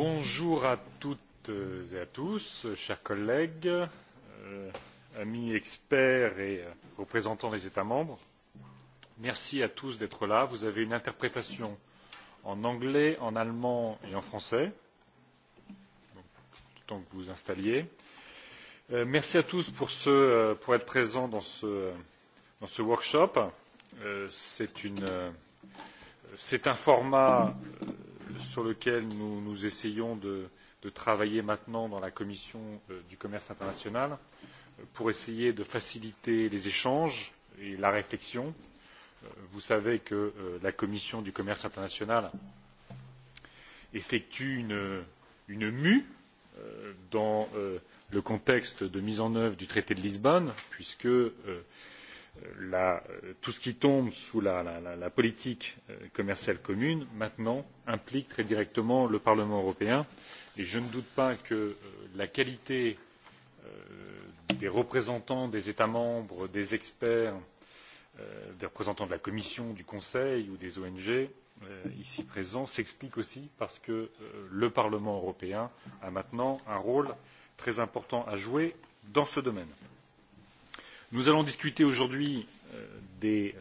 Bonjour à toutes et à tous, chers collègues, amis experts et représentants des États membres. Merci à tous d'être là. Vous avez une interprétation en anglais, en allemand et en français, tout temps que vous vous installiez. Merci à tous pour être présents dans ce workshop. C'est un format sur lequel nous essayons de travailler maintenant dans la commission du commerce international pour essayer de faciliter les échanges et la réflexion. Vous savez que la commission du commerce international effectue une mue dans le contexte de mise en œuvre du traité de Lisbonne puisque tout ce qui tombe sous la politique commerciale commune maintenant implique très directement le parlement européen et je ne doute pas que la qualité des représentants des états membres des experts des représentants de la commission du conseil ou des ong ici présents s'explique aussi parce que le parlement européen a maintenant un rôle très important à jouer dans ce domaine. Nous allons discuter aujourd'hui des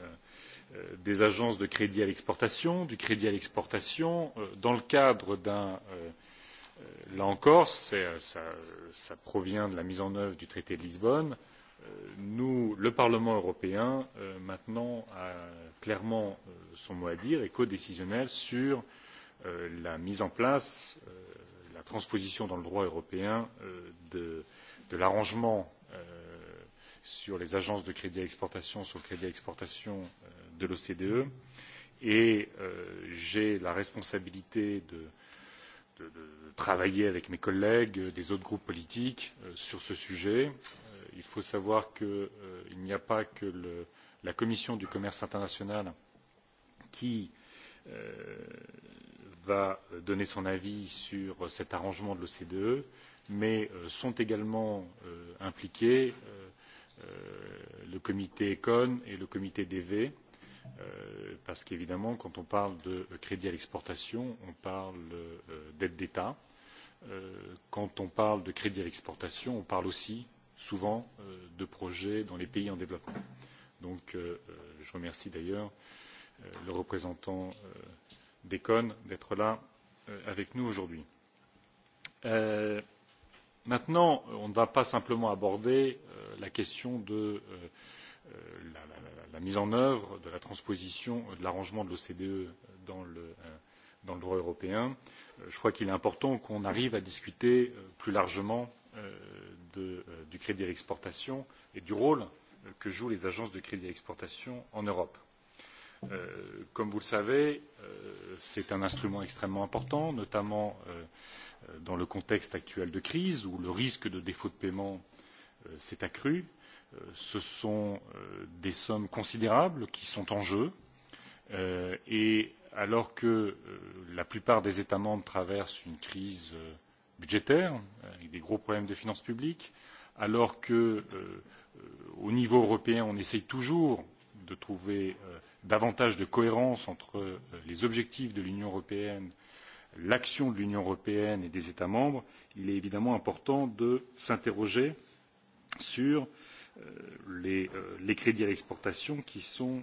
agences de crédit à l'exportation, du crédit à l'exportation, dans le cadre d'un. Là encore, ça provient de la mise en œuvre du traité de Lisbonne. Nous, le Parlement européen, maintenant, a clairement son mot à dire et codécisionnel sur la mise en place, la transposition dans le droit européen de l'arrangement sur les agences de crédit à exportation, sur le crédit à exportation de l'OCDE. Et j'ai la responsabilité de travailler avec mes collègues des autres groupes politiques sur ce sujet. Il faut savoir qu'il n'y a pas que la Commission du commerce international qui va donner son avis sur cet arrangement de l'OCDE, mais sont également impliqués le comité econ et le comité dv parce qu'évidemment quand on parle de crédit à l'exportation on parle d'aide d'état quand on parle de crédit à l'exportation on parle aussi souvent de projets dans les pays en développement. donc je remercie d'ailleurs le représentant d'econ d'être là avec nous aujourd'hui. Maintenant, on ne va pas simplement aborder la question de la mise en œuvre, de la transposition de l'arrangement de l'OCDE dans le droit européen. Je crois qu'il est important qu'on arrive à discuter plus largement du crédit à l'exportation et du rôle que jouent les agences de crédit à l'exportation en Europe Comme vous le savez, c'est un instrument extrêmement important, notamment dans le contexte actuel de crise où le risque de défaut de paiement s'est accru. Ce sont des sommes considérables qui sont en jeu et alors que la plupart des États membres traversent une crise budgétaire avec des gros problèmes de finances publiques, alors qu'au niveau européen on essaye toujours de trouver davantage de cohérence entre les objectifs de l'Union européenne, l'action de l'Union européenne et des États membres, il est évidemment important de s'interroger sur les crédits à l'exportation qui sont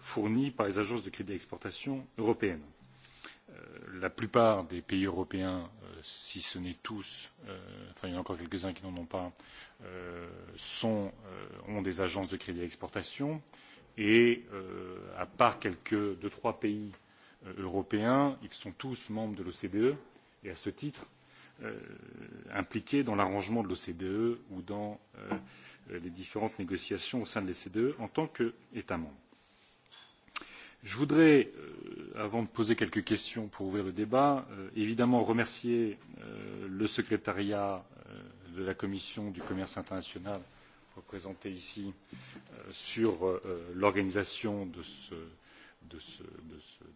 fournis par les agences de crédit à l'exportation européennes la plupart des pays européens, si ce n'est tous, enfin il y en a encore quelques-uns qui n'en ont pas, ont des agences de crédit à exportation et, à part quelques deux, trois pays européens, ils sont tous membres de l'OCDE et, à ce titre, impliqués dans l'arrangement de l'OCDE ou dans les différentes négociations au sein de l'OCDE en tant qu'État membre Je voudrais, avant de poser quelques questions pour ouvrir le débat, évidemment remercier le secrétariat de la Commission du commerce international représenté ici sur l'organisation de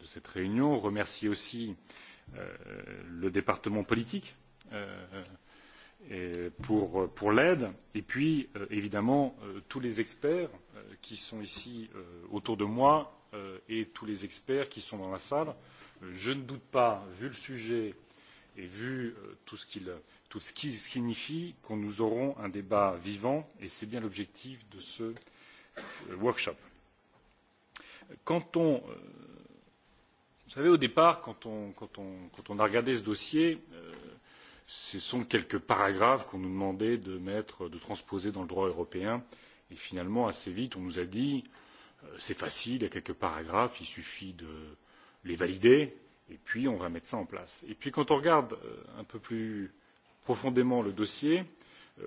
cette réunion, remercier aussi le département politique pour l'aide et puis évidemment tous les experts qui sont ici autour de moi et tous les experts qui sont dans la salle. Je ne doute pas, vu le sujet et vu tout ce qu'il signifie, que nous aurons un débat vivant, et c'est bien l'objectif de ce workshop. Quand on Vous savez, au départ, quand on a regardé ce dossier, ce sont quelques paragraphes qu'on nous demandait de mettre, de transposer dans le droit européen, et finalement, assez vite, on nous a dit c'est facile, il y a quelques paragraphes, il suffit de les valider, et puis on va mettre ça en place. Et puis quand on regarde un peu plus profondément le dossier,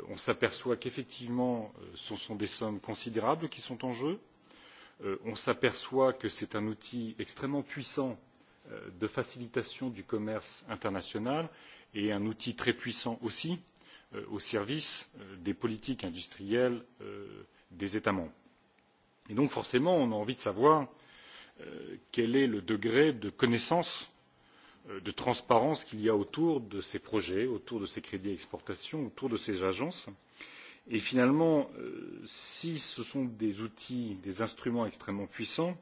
on s'aperçoit qu'effectivement, ce sont des sommes considérables qui sont en jeu. On s'aperçoit que c'est un outil extrêmement puissant de facilitation du commerce international et un outil très puissant aussi au service des politiques industrielles des États membres et donc forcément on a envie de savoir quel est le degré de connaissance de transparence qu'il y a autour de ces projets autour de ces crédits exportation autour de ces agences et finalement si ce sont des outils des instruments extrêmement puissants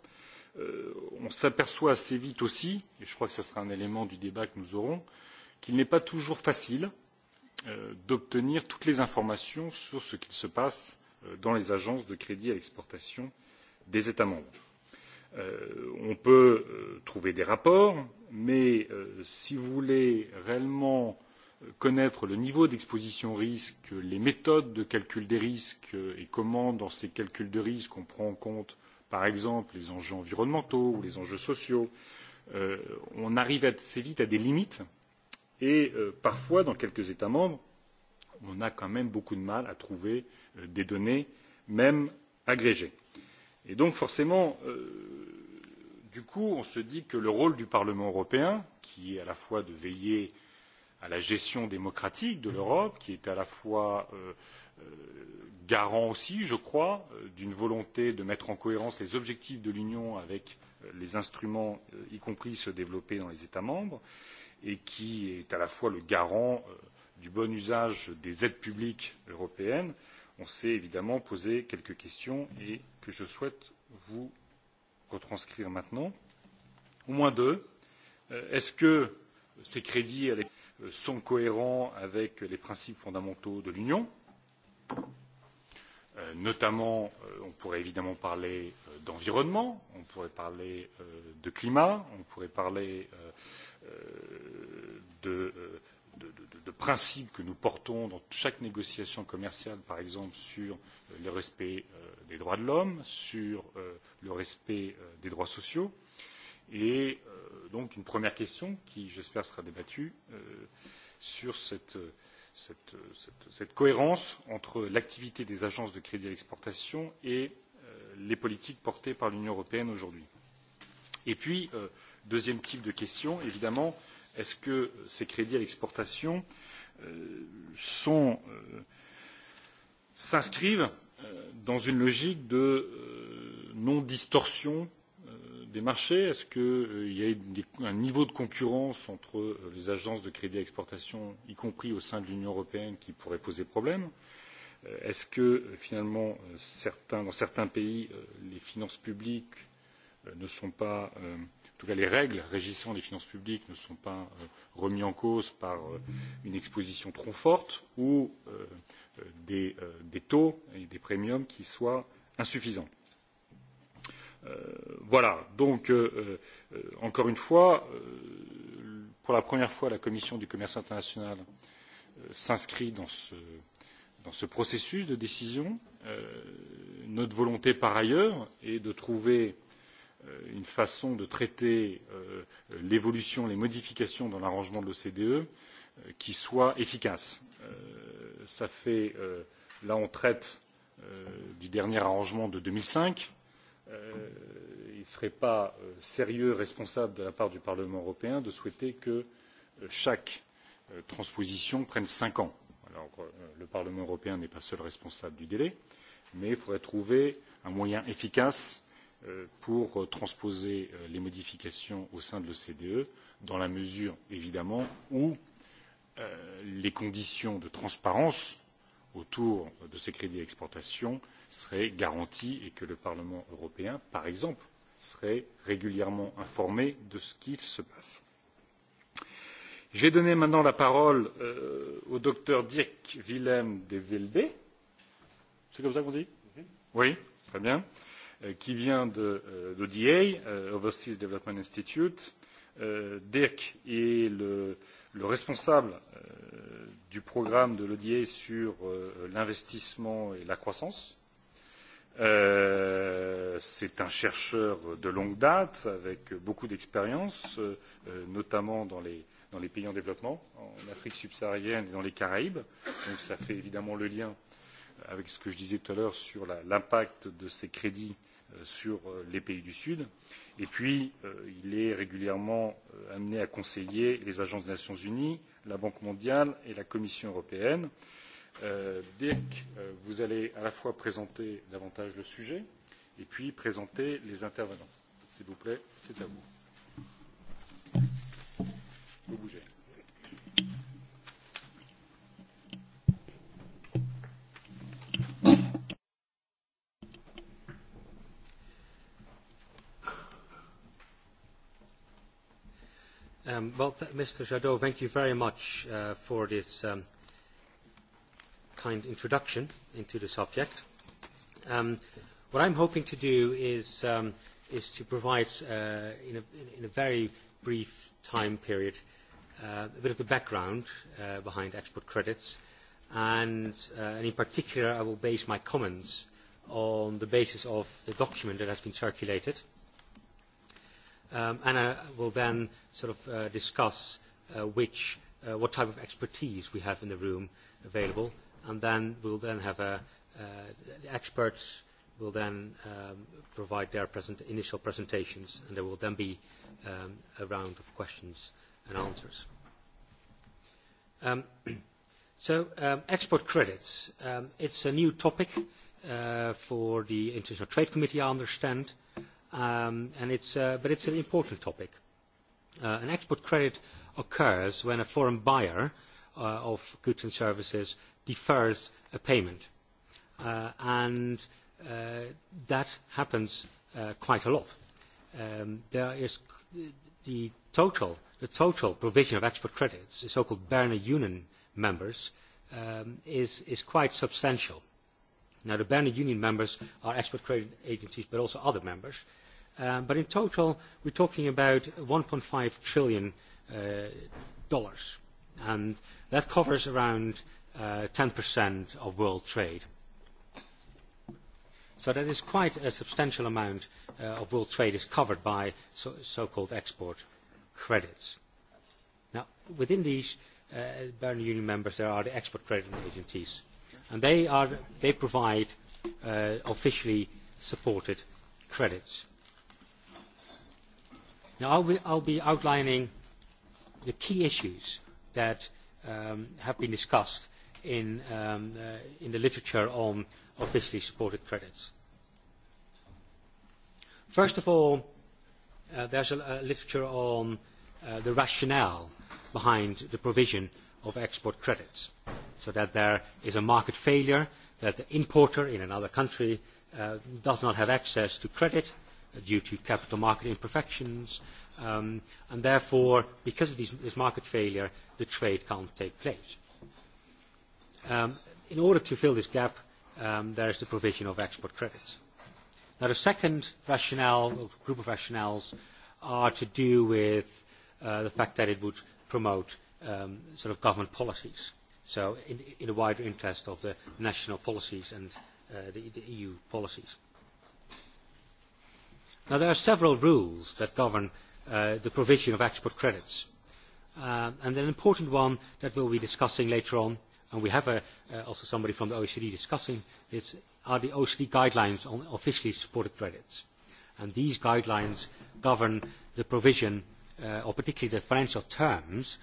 on s'aperçoit assez vite aussi et je crois que ce sera un élément du débat que nous aurons qu'il n'est pas toujours facile d'obtenir toutes les informations sur ce qu'il se passe dans les agences de crédit à l'exportation des États membres. On peut trouver des rapports, mais si vous voulez réellement connaître le niveau d'exposition risque, les méthodes de calcul des risques et comment, dans ces calculs de risque, on prend en compte, par exemple, les enjeux environnementaux ou les enjeux sociaux, on arrive assez vite à des limites et, parfois, dans quelques États membres, on a quand même beaucoup de mal à trouver des données, même agrégées. Et donc, forcément, du coup, on se dit que le rôle du Parlement européen, qui est à la fois de veiller à la gestion démocratique de l'Europe, qui est à la fois garant aussi, je crois, d'une volonté de mettre en cohérence les objectifs de l'Union avec les instruments, y compris ceux développés dans les États membres, et qui est à la fois le garant du bon usage des aides publiques européennes, on s'est évidemment posé quelques questions et que je souhaite vous retranscrire maintenant. Au moins deux. Est-ce que ces crédits sont cohérents avec les principes fondamentaux de l'Union Notamment, on pourrait évidemment parler d'environnement, on pourrait parler de climat, on pourrait parler de de principes que nous portons dans chaque négociation commerciale, par exemple sur le respect des droits de l'homme, sur le respect des droits sociaux. Et donc une première question qui, j'espère, sera débattue sur cette cohérence entre l'activité des agences de crédit à l'exportation et les politiques portées par l'Union européenne aujourd'hui. Et puis, deuxième type de question, évidemment Est-ce que ces crédits à l'exportation s'inscrivent dans une logique de non-distorsion des marchés Est-ce qu'il y a un niveau de concurrence entre les agences de crédit à l'exportation, y compris au sein de l'Union européenne, qui pourrait poser problème Est-ce que, finalement, dans certains pays, les finances publiques ne sont pas en tout cas les règles régissant les finances publiques ne sont pas remises en cause par une exposition trop forte ou des taux et des premiums qui soient insuffisants. Voilà, donc encore une fois, pour la première fois, la Commission du commerce international s'inscrit dans ce processus de décision. Notre volonté, par ailleurs, est de trouver une façon de traiter l'évolution, les modifications dans l'arrangement de l'OCDE qui soit efficace. Ça fait, là on traite du dernier arrangement de 2005. Il ne serait pas sérieux, responsable de la part du Parlement européen de souhaiter que chaque transposition prenne cinq ans. Alors le Parlement européen n'est pas seul responsable du délai, mais il faudrait trouver un moyen efficace pour transposer les modifications au sein de l'OCDE, dans la mesure, évidemment, où les conditions de transparence autour de ces crédits d'exportation seraient garanties et que le Parlement européen, par exemple, serait régulièrement informé de ce qui se passe. J'ai donné maintenant la parole au docteur Dirk Willem de Velde. C'est comme ça qu'on dit Oui, très bien qui vient de l'ODA, Overseas Development Institute. Dirk est le responsable du programme de l'ODA sur l'investissement et la croissance. C'est un chercheur de longue date, avec beaucoup d'expérience, notamment dans les pays en développement, en Afrique subsaharienne et dans les Caraïbes. Donc ça fait évidemment le lien avec ce que je disais tout à l'heure sur l'impact de ces crédits sur les pays du Sud. Et puis, il est régulièrement amené à conseiller les agences des Nations Unies, la Banque mondiale et la Commission européenne. Dirk, vous allez à la fois présenter davantage le sujet et puis présenter les intervenants. S'il vous plaît, c'est à vous. Well, Mr. Jadot, thank you very much for this kind introduction into the subject. What I'm hoping to do is to provide, in a very brief time period, a bit of the background behind export credits, and in particular I will base my comments on the basis of the document that has been circulated Anna will then sort of discuss which what type of expertise we have in the room available, and then we'll then have a experts will then provide their initial presentations, and there will then be a round of questions and answers. So export credits. It's a new topic for the International Trade Committee, I understand and it's but it's an important topic. An export credit occurs when a foreign buyer of goods and services defers a payment, and that happens quite a lot. There is the total the total provision of export credits, the so-called Berner Union members, is quite substantial Now, the Berlin Union members are export credit agencies, but also other members. But in total, we're talking about 1.5 trillion dollars, and that covers around 10% of world trade. So that is quite a substantial amount of world trade is covered by so-called export credits. Now, within these Berlin Union members, there are the export credit agencies and they provide officially supported credits. Now I will be outlining the key issues that have been discussed in the literature on officially supported credits. First of all, there is literature on the rationale behind the provision of export credits, so that there is a market failure, that the importer in another country does not have access to credit due to capital market imperfections, and therefore, because of this market failure, the trade can't take place. In order to fill this gap, there is the provision of export credits. Now, the second rationale, group of rationales, are to do with the fact that it would promote sort of government policies. So in the wider interest of the national policies and the EU policies. Now there are several rules that govern the provision of export credits, and an important one that we will be discussing later on, and we have also somebody from the OECD discussing It's are the OECD guidelines on officially supported credits. And these guidelines govern the provision or particularly the financial terms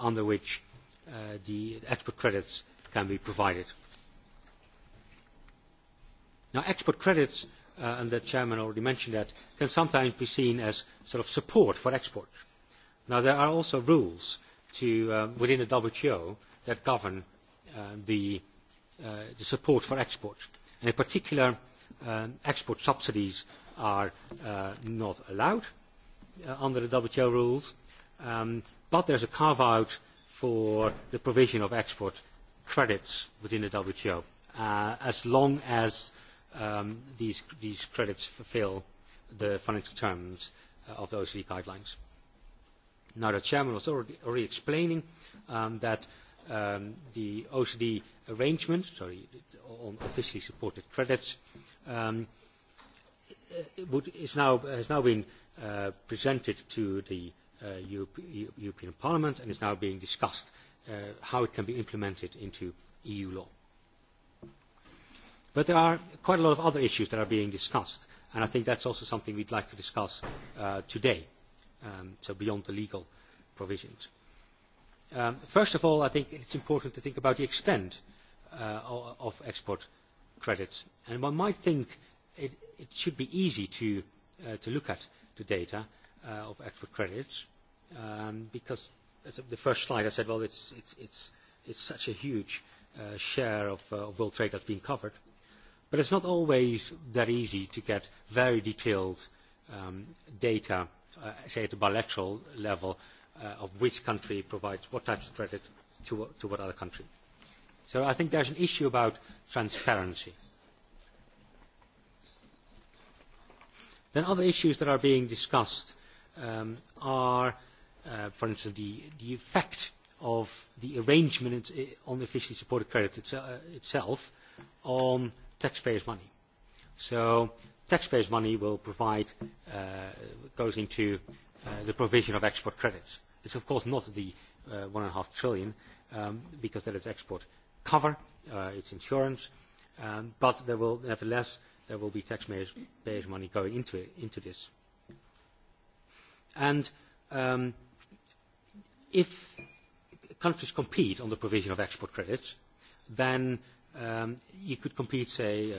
under which the export credits can be provided. Now, export credits, and the chairman already mentioned that, can sometimes be seen as sort of support for export. Now, there are also rules within the WTO that govern the support for export. And in particular, export subsidies are not allowed under the WTO rules, but there is a carve-out for the provision of export credits within the WTO, as long as these credits fulfil the financial terms of the OCD guidelines. Now, the Chairman was already explaining that the OECD arrangement, sorry, on officially supported credits, has now been presented to the European Parliament and is now being discussed how it can be implemented into EU law. But there are quite a lot of other issues that are being discussed, and I think that's also something we'd like to discuss today, so beyond the legal provisions. First of all, I think it's important to think about the extent of export credits, and one might think it should be easy to look at the data of export credits because the first slide I said, well, it's such a huge share of world trade that's been covered. But it's not always that easy to get very detailed data, say at the bilateral level, of which country provides what types of credit to what other country. So I think there's an issue about transparency. Then other issues that are being discussed are, for instance, the effect of the arrangement on the officially supported credit itself on taxpayers' money. So taxpayers' money will provide, goes into the provision of export credits. It's of course not the 1.5 trillion because that is export cover, it's insurance, but there will nevertheless there will be taxpayers' money going into this. And if countries compete on the provision of export credits, then you could compete, say,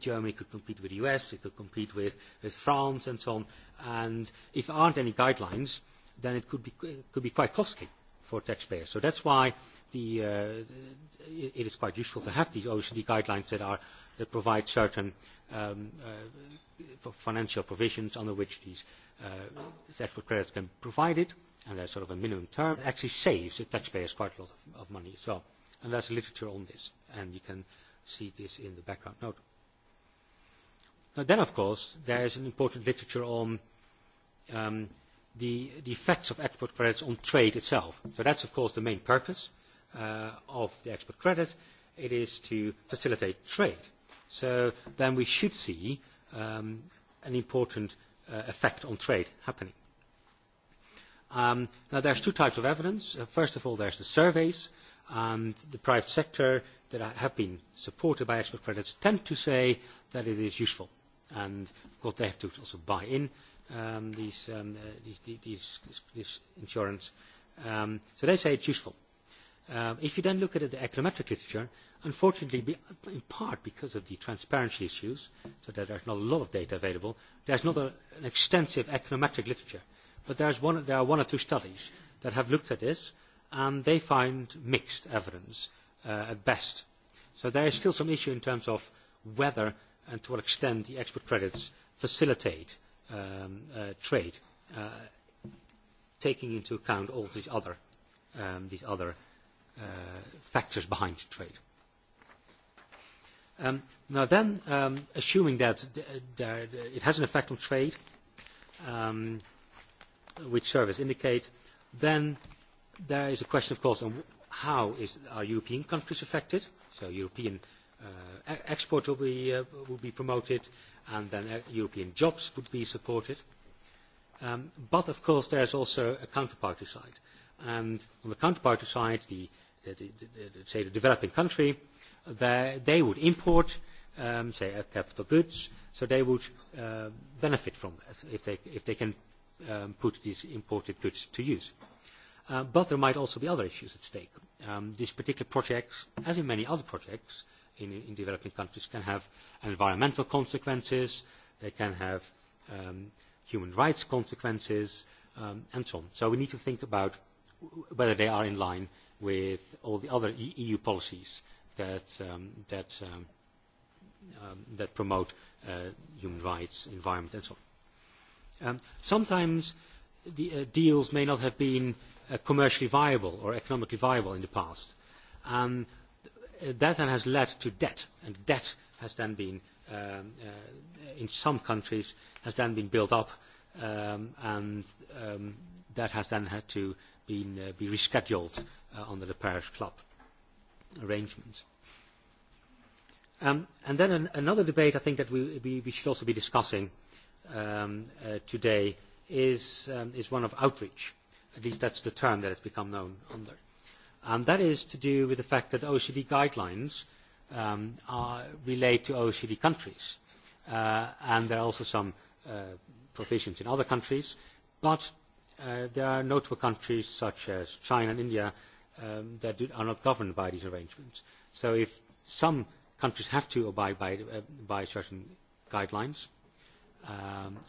Germany could compete with the US, it could compete with France and so on. And if there aren't any guidelines, then it could be quite costly for taxpayers. So that's why it is quite useful to have these OECD guidelines that are that provide certain financial provisions under which these export credits can be provided, and there's sort of a minimum term. actually saves the taxpayers quite a lot of money. So, and there's literature on this, and you can see this in the background note. Now then, of course, there is an important literature on the effects of export credits on trade itself. So that's, of course, the main purpose of the export credit. It is to facilitate trade so then we should see an important effect on trade happening. Now, there's two types of evidence. First of all, there's the surveys, and the private sector that have been supported by export credits tend to say that it is useful. And, of course, they have to also buy in this insurance. Um So they say it's useful. If you then look at the econometric literature, Unfortunately, in part because of the transparency issues, so that there is not a lot of data available, there is not an extensive econometric literature. But there are one or two studies that have looked at this, and they find mixed evidence at best. So there is still some issue in terms of whether and to what extent the export credits facilitate trade, taking into account all these other factors behind trade. Now then, assuming that it has an effect on trade, which surveys indicate, then there is a question, of course, on how are European countries affected. So European export will be be promoted, and then European jobs would be supported. Um But, of course, there is also a counterparty side. And on the counterparty side, the say the developing country they would import say capital goods so they would benefit from that if they can put these imported goods to use. But there might also be other issues at stake. These particular projects, as in many other projects in in developing countries, can have environmental consequences, they can have human rights consequences, and so on. So we need to think about whether they are in line with all the other EU policies that that that promote human rights, environment and so on. Sometimes the deals may not have been commercially viable or economically viable in the past. And that then has led to debt, and debt has then been, in some countries, has then been built up, and that has then had to be rescheduled under the parish club arrangements. And then another debate I think that we we should also be discussing today is one of outreach. At least that's the term that it's become known under. And that is to do with the fact that OECD guidelines are relate to OECD countries. And there are also some provisions in other countries, but there are notable countries such as China and India that are not governed by these arrangements. So if some countries have to abide by certain guidelines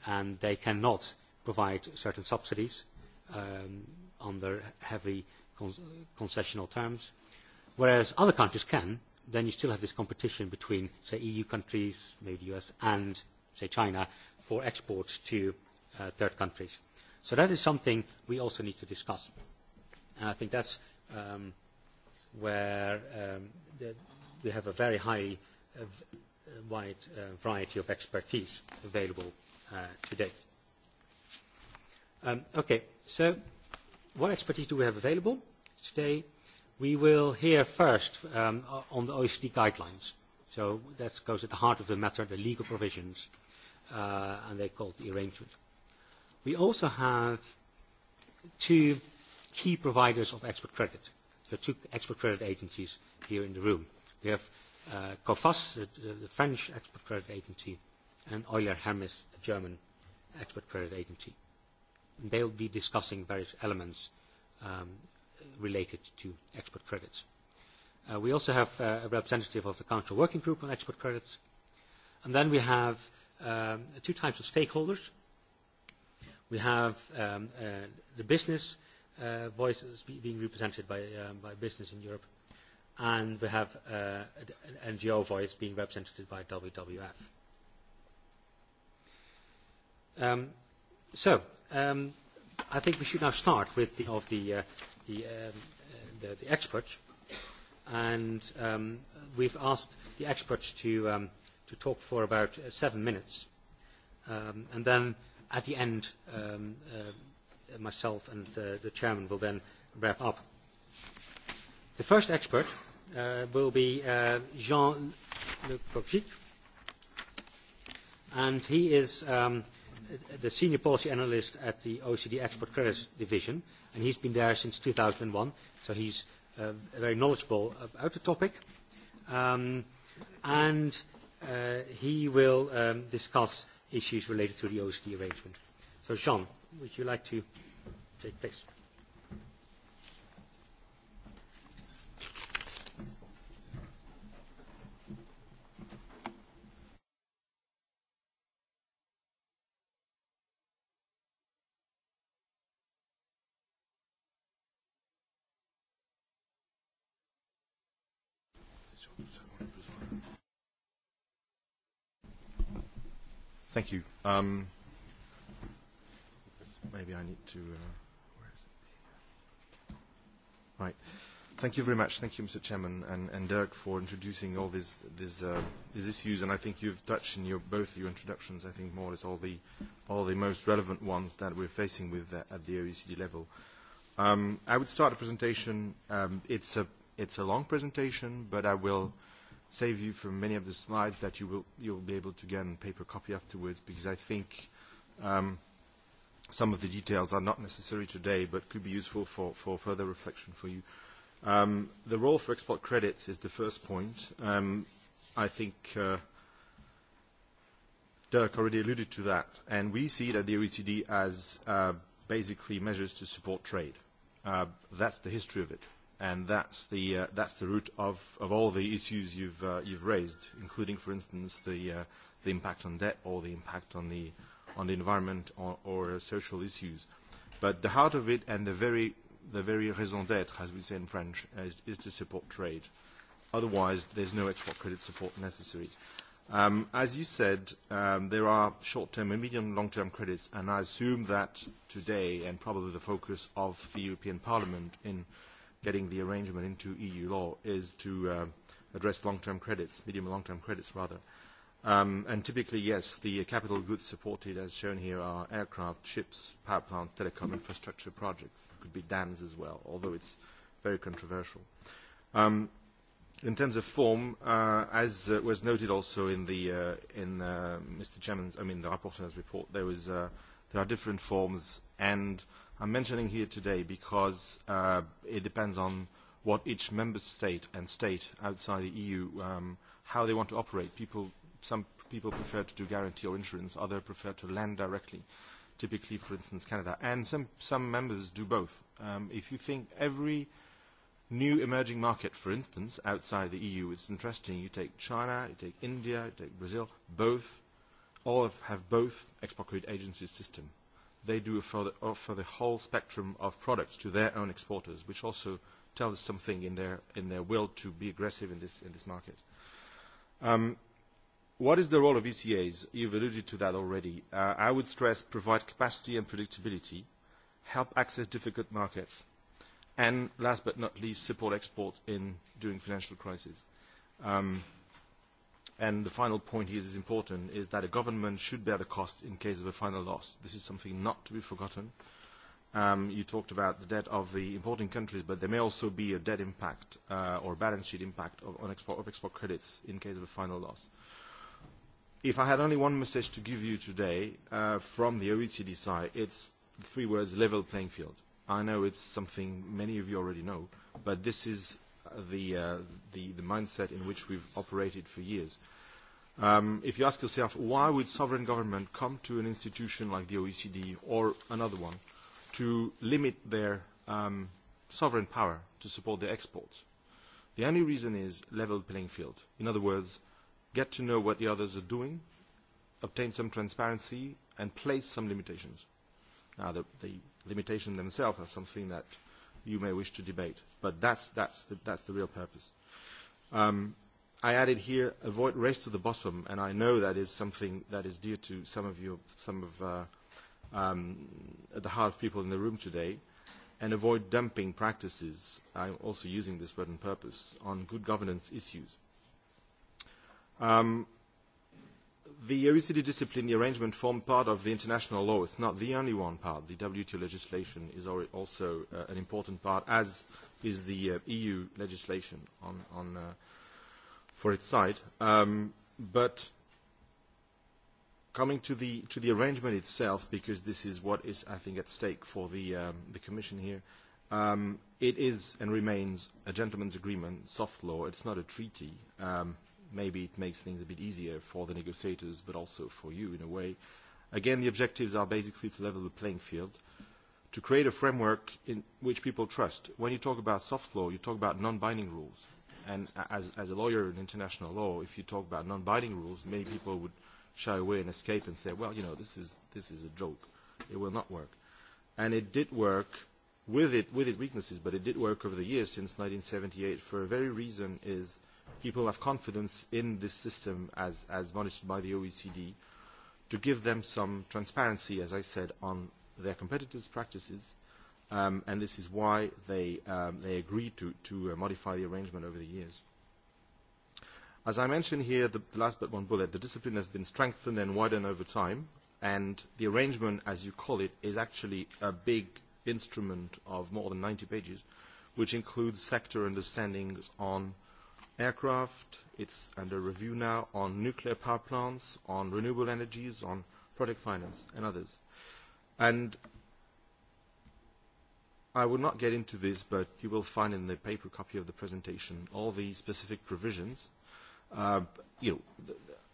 and they cannot provide certain subsidies under heavy concessional terms, whereas other countries can, then you still have this competition between, say, EU countries, maybe the US, and, say, China for exports to third countries. So that is something we also need to discuss. And I think that's where we have a very high, wide variety of expertise available today. Okay, so what expertise do we have available today? We will hear first on the OECD guidelines. So that goes at the heart of the matter, the legal provisions, and they call the arrangement. We also have two key providers of export credit. There are two export credit agencies here in the room. We have COFAS, the French export credit agency, and Euler Hermes, a German export credit agency. They will be discussing various elements related to export credits. We also have a representative of the Council Working Group on export credits. And then we have two types of stakeholders. We have the business voices being represented by by business in Europe, and we have an NGO voice being represented by WWF. So, I think we should now start with the of the the experts, and we've asked the experts to to talk for about seven minutes, and then at the end myself and the chairman will then wrap up. The first expert will be Jean Le and he is the senior policy analyst at the OECD Export Credits Division, and he's been there since 2001, so he's very knowledgeable about the topic. And he will discuss issues related to the OECD arrangement. So, Jean, Would you like to take this? Thank you. Um, maybe I need to. Where is it? Right. Thank you very much. Thank you, Mr. Chairman and and Dirk, for introducing all these these issues. And I think you've touched in your both your introductions, I think, more or less all the all the most relevant ones that we're facing with at the OECD level. Um I would start a presentation. It's a it's a long presentation, but I will save you from many of the slides that you will you'll be able to get in paper copy afterwards, because I think. Um, Some of the details are not necessary today, but could be useful for further reflection for you. The role for export credits is the first point. I think Dirk already alluded to that, and we see that the OECD as basically measures to support trade. That's the history of it, and that's the root of all the issues you've raised, including, for instance, the impact on debt or the impact on the on the environment or social issues. But the heart of it and the very raison d'être, as we say in French, is to support trade. Otherwise, there's no export credit support necessary. As you said, there are short-term and medium- long-term credits, and I assume that today, and probably the focus of the European Parliament in getting the arrangement into EU law, is to address long-term credits, medium- and long-term credits, rather. And typically, yes, the capital goods supported, as shown here, are aircraft, ships, power plants, telecom infrastructure projects. It Could be dams as well, although it's very controversial. In terms of form, as was noted also in the in Mr. Chairman's, I mean the rapporteur's report, there was there are different forms, and I'm mentioning here today because it depends on what each member state and state outside the EU how they want to operate. People Some people prefer to do guarantee or insurance, others prefer to lend directly, typically, for instance, Canada. And some some members do both. If you think every new emerging market, for instance, outside the EU, it's interesting. You take China, you take India, you take Brazil, both, all of have both export credit agency system. They do offer the whole spectrum of products to their own exporters, which also tells something in their in their will to be aggressive in this in this market. Um What is the role of ECAs? You've alluded to that already. I would stress provide capacity and predictability, help access difficult markets, and last but not least, support exports in during financial crisis. And the final point here is important, is that a government should bear the cost in case of a final loss. This is something not to be forgotten. You talked about the debt of the importing countries, but there may also be a debt impact or balance sheet impact on export credits in case of a final loss. If I had only one message to give you today from the OECD side, it's three words, level playing field. I know it's something many of you already know, but this is the mindset in which we've operated for years. If you ask yourself, why would sovereign government come to an institution like the OECD or another one to limit their sovereign power to support their exports? The only reason is level playing field. In other words, get to know what the others are doing, obtain some transparency, and place some limitations. Now, the limitations themselves are something that you may wish to debate, but that's the real purpose. I added here, avoid race to the bottom, and I know that is something that is dear to some of you, some of at the heart of people in the room today, and avoid dumping practices. I'm also using this word on purpose on good governance issues. The OECD discipline, the arrangement formed part of the international law. It's not the only one part. The WTO legislation is also an important part, as is the EU legislation on for its side. But coming to the to the arrangement itself, because this is what is, I think, at stake for the the Commission here, it is and remains a gentleman's agreement, soft law. It's not a treaty maybe it makes things a bit easier for the negotiators, but also for you in a way. Again, the objectives are basically to level the playing field, to create a framework in which people trust. When you talk about soft law, you talk about non-binding rules. And as as a lawyer in international law, if you talk about non-binding rules, many people would shy away and escape and say, well, you know, this is this is a joke. It will not work. And it did work with it with its weaknesses, but it did work over the years since 1978 for a very reason is people have confidence in this system as monitored by the OECD, to give them some transparency, as I said, on their competitors' practices, and this is why they agreed to modify the arrangement over the years. As I mentioned here, the last but one bullet, the discipline has been strengthened and widened over time, and the arrangement, as you call it, is actually a big instrument of more than 90 pages, which includes sector understandings on aircraft. It's under review now on nuclear power plants, on renewable energies, on project finance and others. And I will not get into this, but you will find in the paper copy of the presentation all the specific provisions. You know,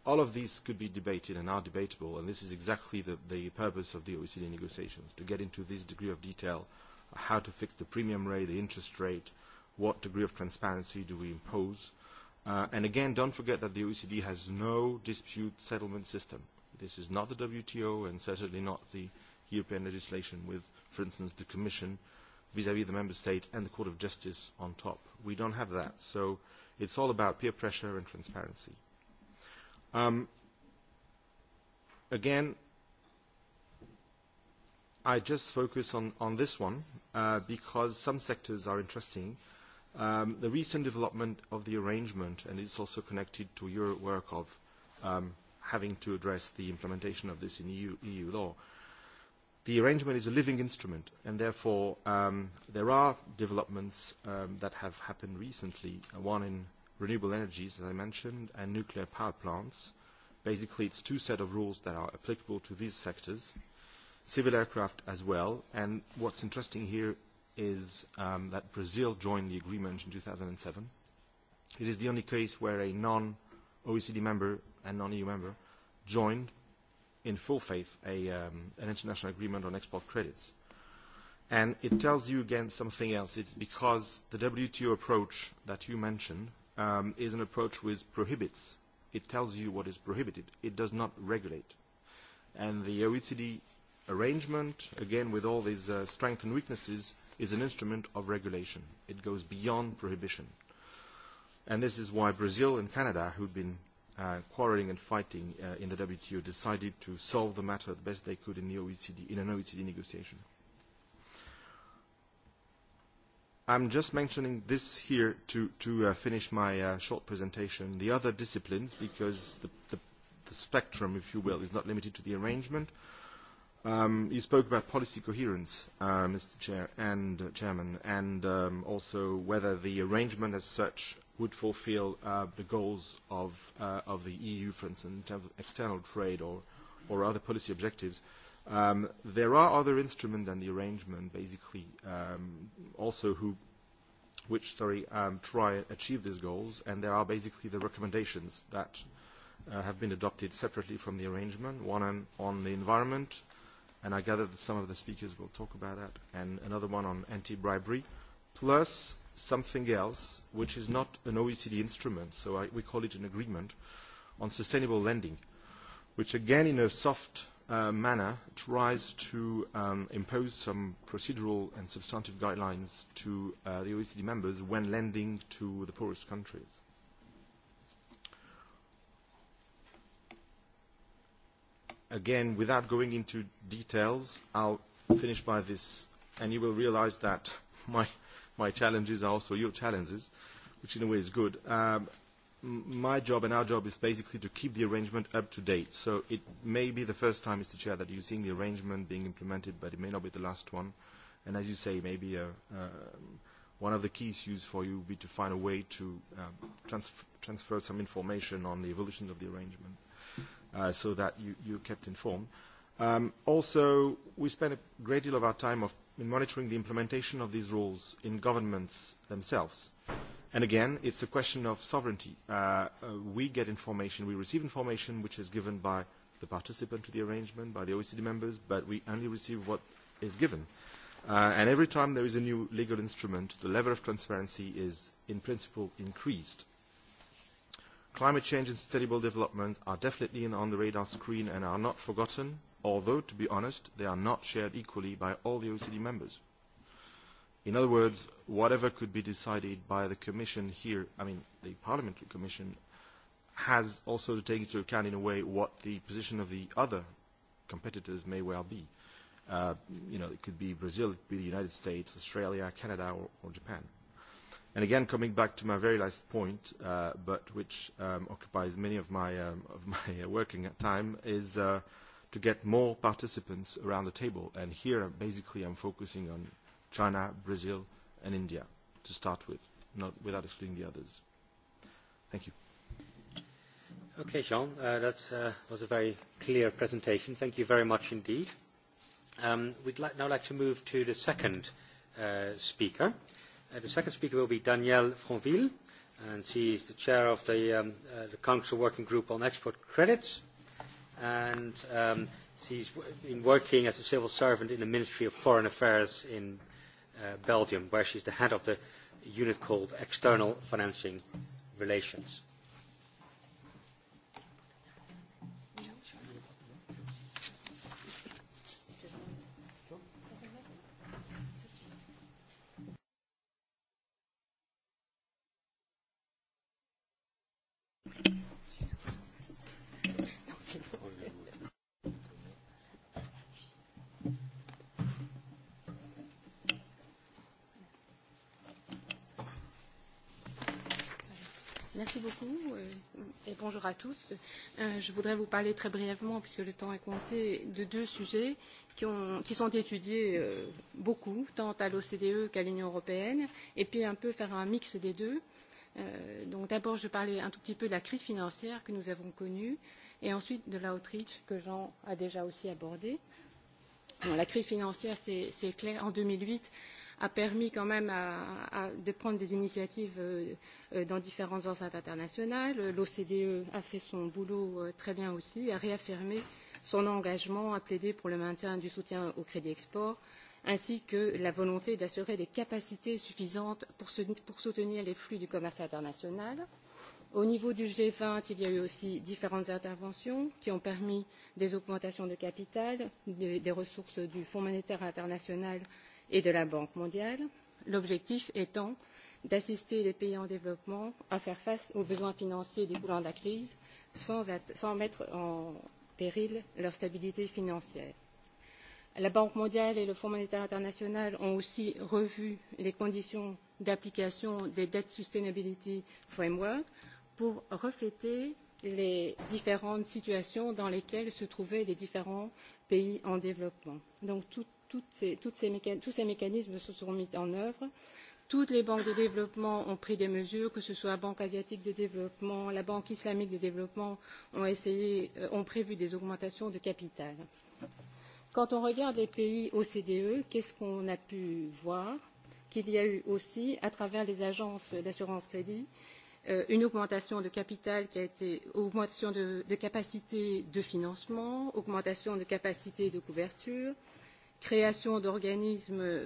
all of these could be debated and are debatable, and this is exactly the purpose of the OECD negotiations, to get into this degree of detail, how to fix the premium rate, the interest rate, what degree of transparency do we impose. And again, don't forget that the OECD has no dispute settlement system. This is not the WTO and certainly not the European legislation with, for instance, the Commission vis-à-vis the Member State and the Court of Justice on top. We don't have that. So it's all about peer pressure and transparency. Again, I just focus on this one because some sectors are interesting The recent development of the arrangement, and it's also connected to your work of having to address the implementation of this in EU law, the arrangement is a living instrument, and therefore there are developments that have happened recently, one in renewable energies, as I mentioned, and nuclear power plants. Basically, it's two set of rules that are applicable to these sectors, civil aircraft as well, and what's interesting here is that Brazil joined the agreement in 2007. It is the only case where a non-OECD member and non-EU member joined in full faith an international agreement on export credits. And it tells you again something else. It's because the WTO approach that you mentioned is an approach which prohibits. It tells you what is prohibited. It does not regulate. And the OECD arrangement, again with all these strengths and weaknesses, is an instrument of regulation. It goes beyond prohibition. And this is why Brazil and Canada, who who'd been quarreling and fighting in the WTO, decided to solve the matter the best they could in the OECD, in an OECD negotiation. I'm just mentioning this here to, to finish my short presentation. The other disciplines, because the spectrum, if you will, is not limited to the arrangement, You spoke about policy coherence, Mr. Chair and Chairman, and also whether the arrangement as such would fulfil the goals of the EU, for instance, in terms of external trade or other policy objectives. There are other instruments than the arrangement, basically, also who, which, sorry, try to achieve these goals, and there are basically the recommendations that have been adopted separately from the arrangement, one on the environment and I gather that some of the speakers will talk about that, and another one on anti-bribery, plus something else, which is not an OECD instrument, so we call it an agreement, on sustainable lending, which again, in a soft manner, tries to impose some procedural and substantive guidelines to the OECD members when lending to the poorest countries. again, without going into details, I'll finish by this, and you will realize that my my challenges are also your challenges, which in a way is good. My job and our job is basically to keep the arrangement up to date. So it may be the first time, Mr. Chair, that you're seeing the arrangement being implemented, but it may not be the last one. And as you say, maybe one of the key issues for you will be to find a way to transfer some information on the evolution of the arrangement so that you you kept informed. Also, we spend a great deal of our time in monitoring the implementation of these rules in governments themselves. And again, it's a question of sovereignty. We get information, we receive information which is given by the participant to the arrangement, by the OECD members, but we only receive what is given. And every time there is a new legal instrument, the level of transparency is, in principle, increased. Climate change and sustainable development are definitely on the radar screen and are not forgotten, although, to be honest, they are not shared equally by all the OECD members. In other words, whatever could be decided by the Commission here, I mean the Parliamentary Commission, has also to take into account in a way what the position of the other competitors may well be. You know, it could be Brazil, it could be the United States, Australia, Canada, or Japan. And again, coming back to my very last point, but which occupies many of my of my working time, is to get more participants around the table. And here, basically, I'm focusing on China, Brazil, and India to start with, not without excluding the others. Thank you. Okay, Jean, that was a very clear presentation. Thank you very much indeed. Um We'd now like to move to the second speaker The second speaker will be Danielle Fronville, and she is the chair of the Council Working Group on Export Credits, and she's been working as a civil servant in the Ministry of Foreign Affairs in Belgium, where she's the head of the unit called External Financing Relations. bonjour à tous. Je voudrais vous parler très brièvement, puisque le temps est compté, de deux sujets qui sont étudiés beaucoup, tant à l'OCDE qu'à l'Union européenne, et puis un peu faire un mix des deux. Donc d'abord, je parlais un tout petit peu de la crise financière que nous avons connue, et ensuite de l'outreach que Jean a déjà aussi abordé. La crise financière, c'est clair, en 2008 a permis quand même de prendre des initiatives dans différentes enceintes internationales. L'OCDE a fait son boulot très bien aussi, a réaffirmé son engagement à plaider pour le maintien du soutien au crédit export, ainsi que la volonté d'assurer des capacités suffisantes pour soutenir les flux du commerce international. Au niveau du G20, il y a eu aussi différentes interventions qui ont permis des augmentations de capital, des ressources du Fonds monétaire international et de la Banque mondiale, l'objectif étant d'assister les pays en développement à faire face aux besoins financiers découlant de la crise sans mettre en péril leur stabilité financière. La Banque mondiale et le Fonds monétaire international ont aussi revu les conditions d'application des Debt Sustainability Framework pour refléter les différentes situations dans lesquelles se trouvaient les différents pays en développement. Donc, tous ces mécanismes se sont mis en œuvre. Toutes les banques de développement ont pris des mesures, que ce soit la Banque asiatique de développement, la Banque islamique de développement, ont essayé, ont prévu des augmentations de capital. Quand on regarde les pays OCDE, qu'est-ce qu'on a pu voir Qu'il y a eu aussi, à travers les agences d'assurance crédit, une augmentation de capital qui a été augmentation de capacité de financement, augmentation de capacité de couverture création d'organismes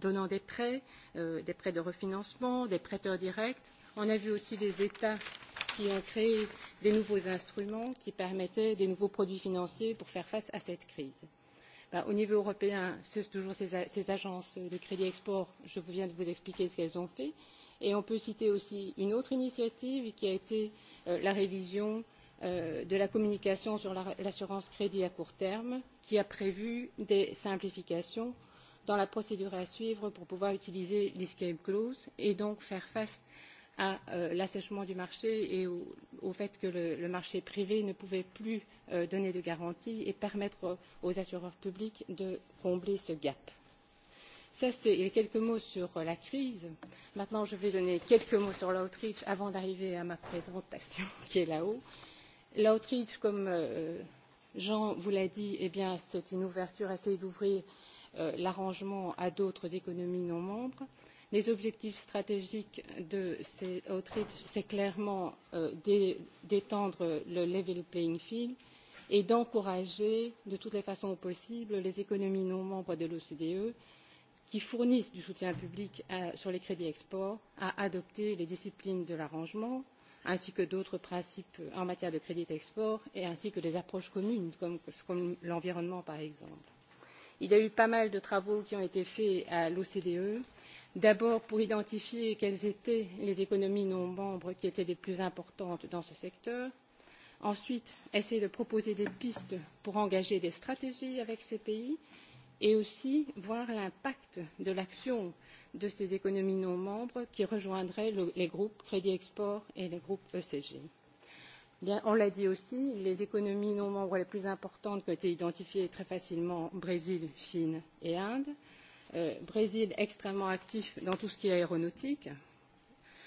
donnant des prêts, des prêts de refinancement, des prêteurs directs. On a vu aussi des États qui ont créé des nouveaux instruments qui permettaient des nouveaux produits financiers pour faire face à cette crise. Au niveau européen, c'est toujours ces agences de crédit export, je viens de vous expliquer ce qu'elles ont fait. Et on peut citer aussi une autre initiative qui a été la révision de la communication sur l'assurance crédit à court terme, qui a prévu des simplifications dans la procédure à suivre pour pouvoir utiliser l'escape clause et donc faire face à l'assèchement du marché et au fait que le marché privé ne pouvait plus donner de garanties et permettre aux assureurs publics de combler ce gap. Ça, c'est quelques mots sur la crise. Maintenant, je vais donner quelques mots sur l'outreach avant d'arriver à ma présentation qui est là-haut. L'outreach, comme Jean vous l'a dit, c'est une ouverture, essayer d'ouvrir l'arrangement à d'autres économies non membres. Les objectifs stratégiques de cet outreach, c'est clairement d'étendre le level playing field et d'encourager de toutes les façons possibles les économies non membres de l'OCDE qui fournissent du soutien public sur les crédits export à adopter les disciplines de l'arrangement ainsi que d'autres principes en matière de crédit export et ainsi que des approches communes comme l'environnement par exemple. Il y a eu pas mal de travaux qui ont été faits à l'OCDE, d'abord pour identifier quelles étaient les économies non membres qui étaient les plus importantes dans ce secteur, ensuite essayer de proposer des pistes pour engager des stratégies avec ces pays et aussi voir l'impact de l'action de ces économies non membres qui rejoindraient les groupes Crédit Export et les groupes ECG. On l'a dit aussi, les économies non membres les plus importantes qui ont été identifiées très facilement, Brésil, Chine et Inde. Brésil extrêmement actif dans tout ce qui est aéronautique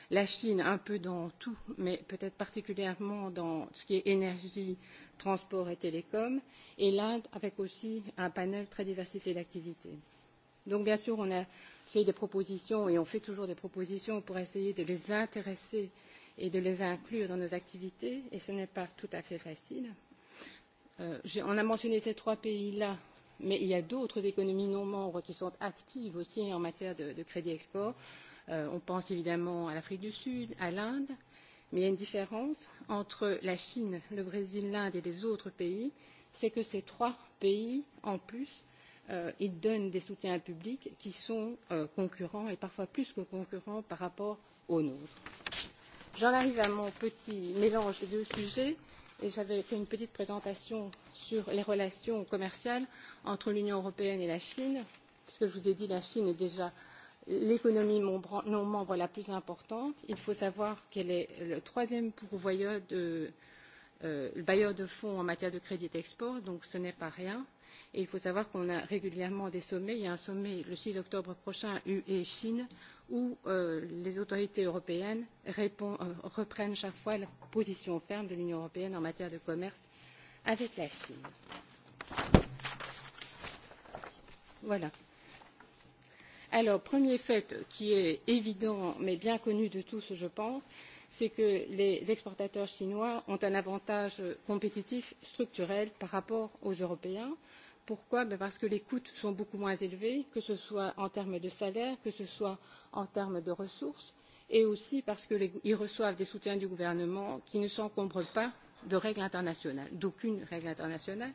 la Chine un peu dans tout, mais peut-être particulièrement dans ce qui est énergie, transport et télécom, et l'Inde avec aussi un panel très diversifié d'activités. Donc bien sûr, on a fait des propositions et on fait toujours des propositions pour essayer de les intéresser et de les inclure dans nos activités, et ce n'est pas tout à fait facile. On a mentionné ces trois pays-là, mais il y a d'autres économies non membres qui sont actives aussi en matière de crédit export. On pense évidemment à l'Afrique du Sud, à l'Inde, mais il y a une différence entre la Chine, le Brésil, l'Inde et les autres pays, c'est que ces trois pays, en plus, ils donnent des soutiens publics qui sont concurrents et parfois plus que concurrents par rapport aux nôtres. J'en arrive à mon petit mélange des deux sujets et j'avais fait une petite présentation sur les relations commerciales entre l'Union européenne et la Chine, puisque je vous ai dit la Chine est déjà l'économie non membre la plus importante. Il faut savoir qu'elle est le troisième pourvoyeur de bailleur de fonds en matière de crédit export, donc ce n'est pas rien. Et il faut savoir qu'on a régulièrement des sommets. Il y a un sommet le 6 octobre prochain, UE-Chine, où les autorités européennes reprennent chaque fois la position ferme de l'Union européenne en matière de commerce avec la Chine. Voilà. Alors, premier fait qui est évident, mais bien connu de tous, je pense, c'est que les exportateurs chinois ont un avantage compétitif structurel par rapport aux Européens. Pourquoi Parce que les coûts sont beaucoup moins élevés, que ce soit en termes de salaire, que ce soit en termes de ressources, et aussi parce qu'ils reçoivent des soutiens du gouvernement qui ne s'encombrent pas de règles internationales, d'aucune règle internationale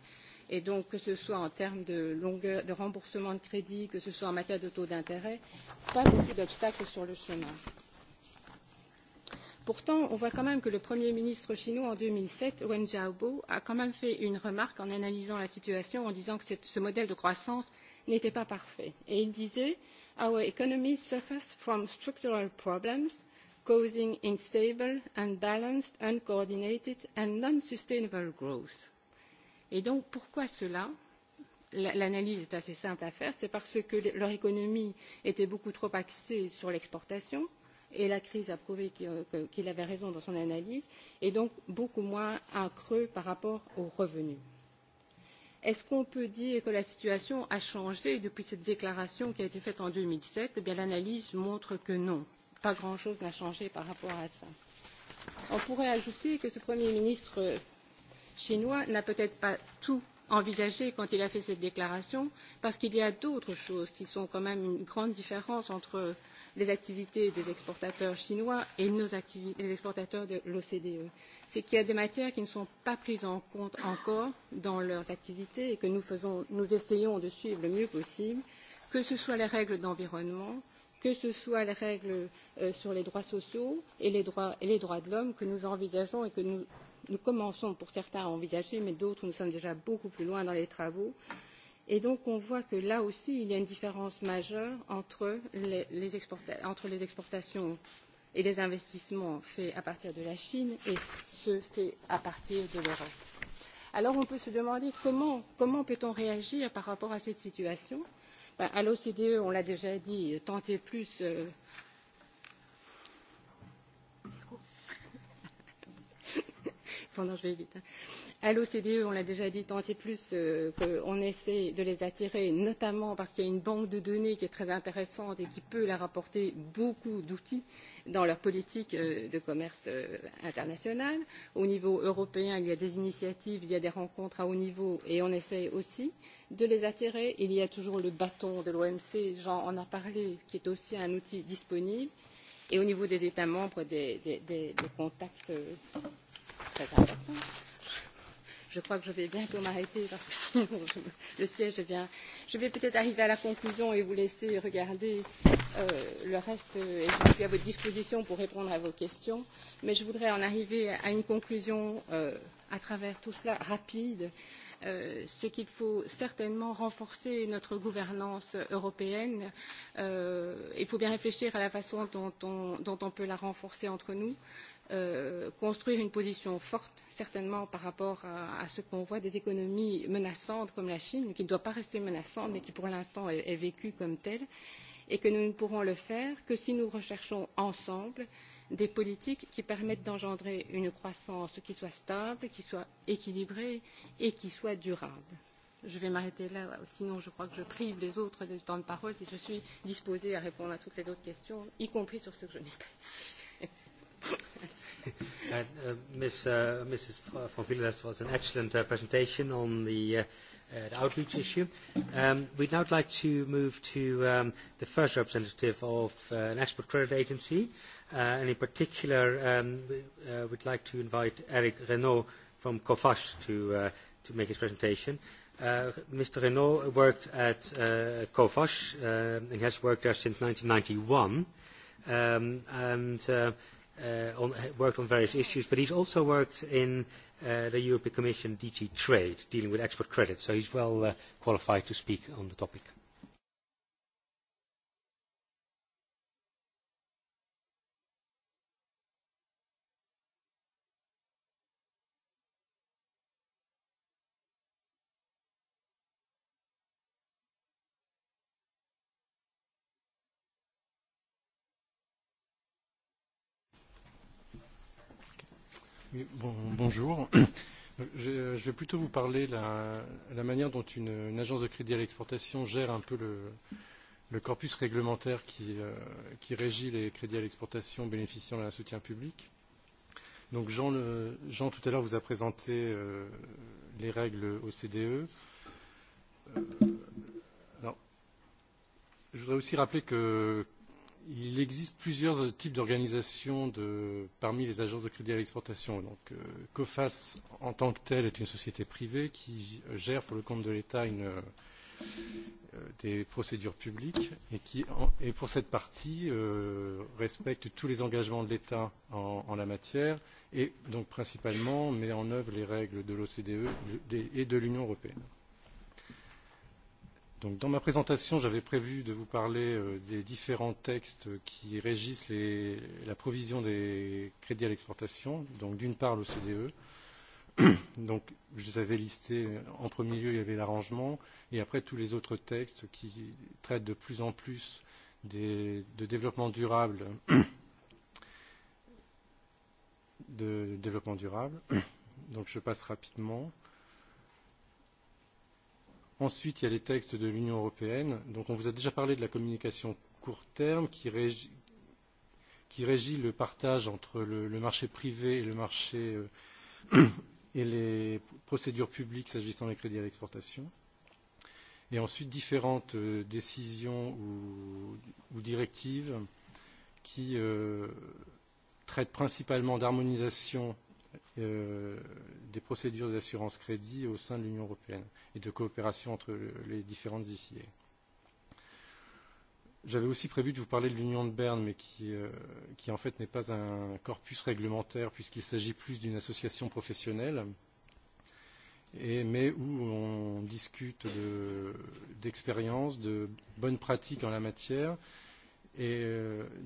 et donc que ce soit en termes de longueur de remboursement de crédit que ce soit en matière de taux d'intérêt pas beaucoup d'obstacles sur le chemin. pourtant on voit quand même que le premier ministre chinois en 2007, wen jiabao a quand même fait une remarque en analysant la situation en disant que ce modèle de croissance n'était pas parfait et il disait our economy suffers from structural problems causing instable unbalanced uncoordinated and non sustainable growth. Et donc, pourquoi cela L'analyse est assez simple à faire. C'est parce que leur économie était beaucoup trop axée sur l'exportation et la crise a prouvé qu'il avait raison dans son analyse et donc beaucoup moins un creux par rapport aux revenus. Est-ce qu'on peut dire que la situation a changé depuis cette déclaration qui a été faite en 2007 Eh bien, l'analyse montre que non. Pas grand-chose n'a changé par rapport à ça. On pourrait ajouter que ce Premier ministre chinois n'a peut-être pas tout envisagé quand il a fait cette déclaration, parce qu'il y a d'autres choses qui sont quand même une grande différence entre les activités des exportateurs chinois et les exportateurs de l'OCDE. C'est qu'il y a des matières qui ne sont pas prises en compte encore dans leurs activités et que nous essayons de suivre le mieux possible, que ce soit les règles d'environnement, que ce soit les règles sur les droits sociaux et les droits de l'homme que nous envisageons et que nous nous commençons pour certains à envisager, mais d'autres, nous sommes déjà beaucoup plus loin dans les travaux. Et donc, on voit que là aussi, il y a une différence majeure entre les exportations et les investissements faits à partir de la Chine et ceux faits à partir de l'Europe. Alors, on peut se demander comment peut-on réagir par rapport à cette situation. À l'OCDE, on l'a déjà dit, tenter plus pardon, je vais vite. À l'OCDE, on l'a déjà dit tant et plus qu'on essaie de les attirer, notamment parce qu'il y a une banque de données qui est très intéressante et qui peut leur apporter beaucoup d'outils dans leur politique de commerce international. Au niveau européen, il y a des initiatives, il y a des rencontres à haut niveau et on essaie aussi de les attirer. Il y a toujours le bâton de l'OMC, Jean en a parlé, qui est aussi un outil disponible. Et au niveau des États membres, des contacts très important. Je crois que je vais bientôt m'arrêter parce que sinon le siège vient. Je vais peut-être arriver à la conclusion et vous laisser regarder le reste et je suis à votre disposition pour répondre à vos questions. Mais je voudrais en arriver à une conclusion à travers tout cela rapide c'est qu'il faut certainement renforcer notre gouvernance européenne. Il faut bien réfléchir à la façon dont on peut la renforcer entre nous, construire une position forte, certainement par rapport à ce qu'on voit des économies menaçantes comme la Chine, qui ne doit pas rester menaçante, mais qui pour l'instant est vécue comme telle, et que nous ne pourrons le faire que si nous recherchons ensemble des politiques qui permettent d'engendrer une croissance qui soit stable, qui soit équilibrée et qui soit durable. Je vais m'arrêter là, sinon je crois que je prive les autres du temps de parole et je suis disposée à répondre à toutes les autres questions, y compris sur ce que je n'ai pas dit. the first representative of and in particular I would like to invite Eric Renault from COFAS to make his presentation. Mr. Renault worked at COFAS and has worked there since 1991 and worked on various issues, but he's also worked in the European Commission DG Trade, dealing with export credit, so he's well qualified to speak on the topic. Bonjour. Je vais plutôt vous parler de la manière dont une agence de crédit à l'exportation gère un peu le corpus réglementaire qui régit les crédits à l'exportation bénéficiant d'un soutien public. Donc Jean Jean tout à l'heure vous a présenté les règles au alors, Je voudrais aussi rappeler que Il existe plusieurs types d'organisations parmi les agences de crédit à l'exportation. Donc, COFAS, en tant que telle, est une société privée qui gère pour le compte de l'État des procédures publiques et qui, et pour cette partie, respecte tous les engagements de l'État en la matière et donc principalement met en œuvre les règles de l'OCDE et de l'Union européenne. Dans ma présentation, j'avais prévu de vous parler des différents textes qui régissent la provision des crédits à l'exportation, donc d'une part l'OCDE. Donc je les avais listés en premier lieu, il y avait l'arrangement, et après tous les autres textes qui traitent de plus en plus de développement durable de développement durable. Donc je passe rapidement. Ensuite, il y a les textes de l'Union européenne. Donc, on vous a déjà parlé de la communication court terme qui régit le partage entre le marché privé et le marché et les procédures publiques s'agissant des crédits à l'exportation. Et ensuite, différentes décisions ou directives qui traitent principalement d'harmonisation des procédures d'assurance crédit au sein de l'Union européenne et de coopération entre les différentes ICA. J'avais aussi prévu de vous parler de l'Union de Berne, mais qui, qui en fait n'est pas un corpus réglementaire puisqu'il s'agit plus d'une association professionnelle, et, mais où on discute d'expériences, de bonnes pratiques en la matière, Et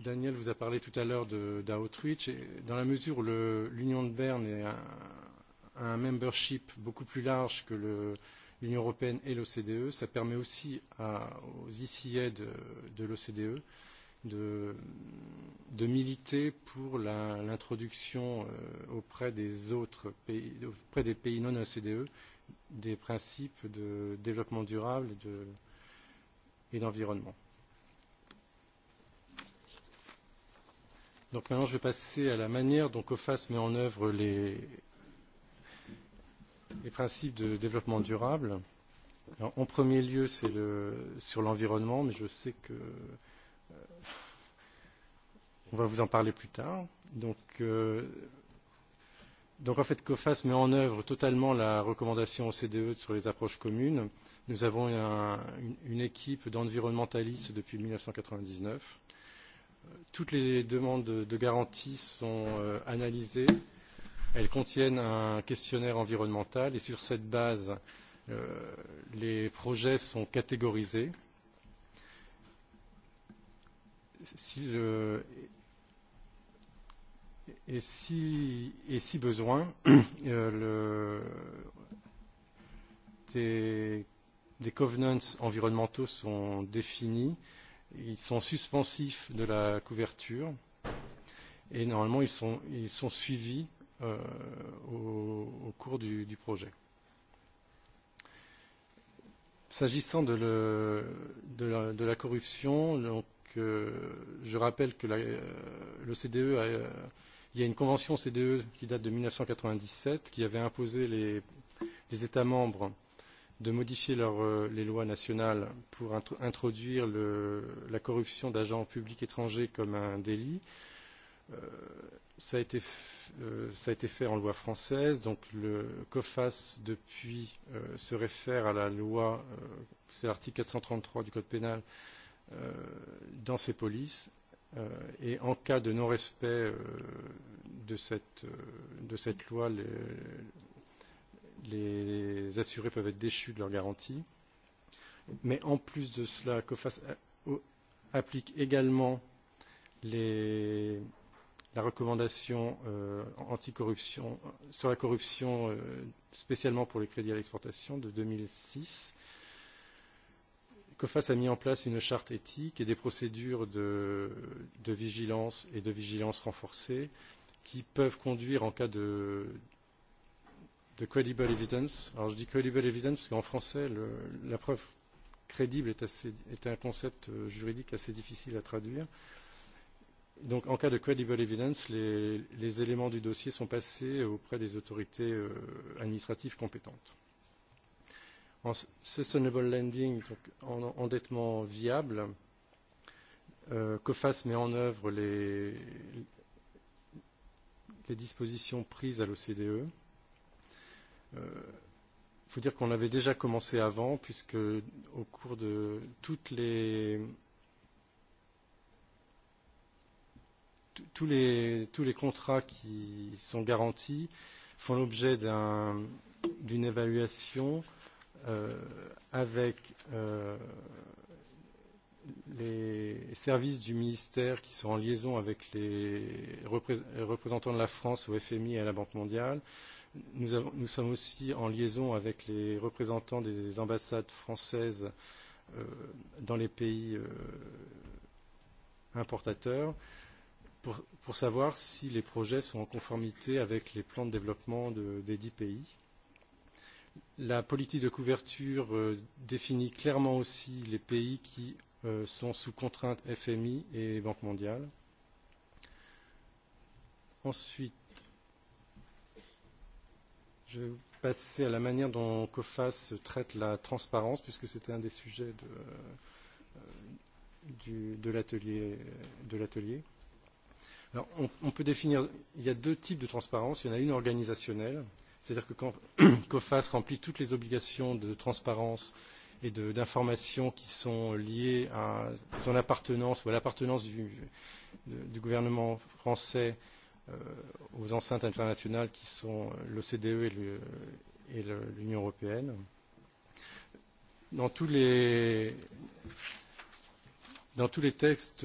Daniel vous a parlé tout à l'heure d'Outreach. Dans la mesure où l'Union de Berne est un membership beaucoup plus large que l'Union européenne et l'OCDE, ça permet aussi aux ICA de l'OCDE de militer pour l'introduction auprès des autres pays, auprès des pays non OCDE, des principes de développement durable et d'environnement. maintenant, je vais passer à la manière dont COFAS met en œuvre les principes de développement durable. En premier lieu, c'est sur l'environnement, mais je sais que on va vous en parler plus tard. Donc, donc en fait, COFAS met en œuvre totalement la recommandation OCDE sur les approches communes. Nous avons une équipe d'environnementalistes depuis 1999 Toutes les demandes de garantie sont analysées. Elles contiennent un questionnaire environnemental et sur cette base, les projets sont catégorisés. Et si besoin, des covenants environnementaux sont définis ils sont suspensifs de la couverture et normalement ils sont ils sont suivis au cours du du projet. S'agissant de de la de la corruption donc je rappelle que la le CDE il y a une convention CDE qui date de 1997 qui avait imposé les les états membres de modifier les lois nationales pour introduire le la corruption d'agents publics étrangers comme un délit. Ça a été fait en loi française, donc le COFAS depuis se réfère à la loi, c'est l'article 433 du Code pénal, dans ses polices et en cas de non-respect de cette loi, les assurés peuvent être déchus de leur garantie. Mais en plus de cela, COFAS applique également les la recommandation anticorruption sur la corruption spécialement pour les crédits à l'exportation de 2006 COFAS a mis en place une charte éthique et des procédures de de vigilance et de vigilance renforcée qui peuvent conduire en cas de de credible evidence. Alors je dis credible evidence parce qu'en français, la preuve crédible est un concept juridique assez difficile à traduire. Donc en cas de credible evidence, les éléments du dossier sont passés auprès des autorités administratives compétentes. En sustainable lending, en endettement viable, COFAS met en œuvre les dispositions prises à l'OCDE Il faut dire qu'on avait déjà commencé avant, puisque au cours de toutes les tous les tous les contrats qui sont garantis font l'objet d'une évaluation avec les services du ministère qui sont en liaison avec les représentants de la France au FMI et à la Banque mondiale Nous sommes aussi en liaison avec les représentants des ambassades françaises dans les pays importateurs pour savoir si les projets sont en conformité avec les plans de développement des dix pays. La politique de couverture définit clairement aussi les pays qui sont sous contrainte FMI et Banque mondiale. Ensuite, Je vais passer à la manière dont COFAS traite la transparence, puisque c'était un des sujets de de l'atelier. Alors, on peut définir, il y a deux types de transparence. Il y en a une organisationnelle, c'est-à-dire que quand COFAS remplit toutes les obligations de transparence et d'informations qui sont liées à son appartenance ou à l'appartenance du gouvernement français aux enceintes internationales qui sont l'OCDE et l'Union européenne. Dans tous les textes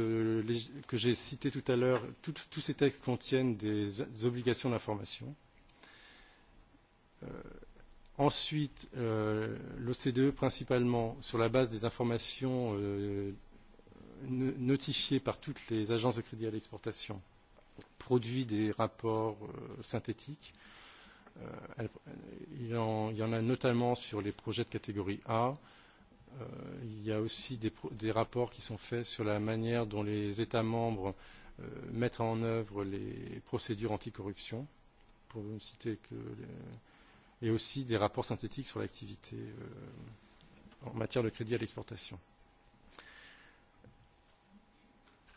que j'ai cités tout à l'heure, tous ces textes contiennent des obligations d'information. Ensuite, l'OCDE, principalement sur la base des informations notifiées par toutes les agences de crédit à l'exportation, produit des rapports synthétiques. Il y en a notamment sur les projets de catégorie A. Il y a aussi des rapports qui sont faits sur la manière dont les États membres mettent en œuvre les procédures anticorruption, pour vous citer que et aussi des rapports synthétiques sur l'activité en matière de crédit à l'exportation.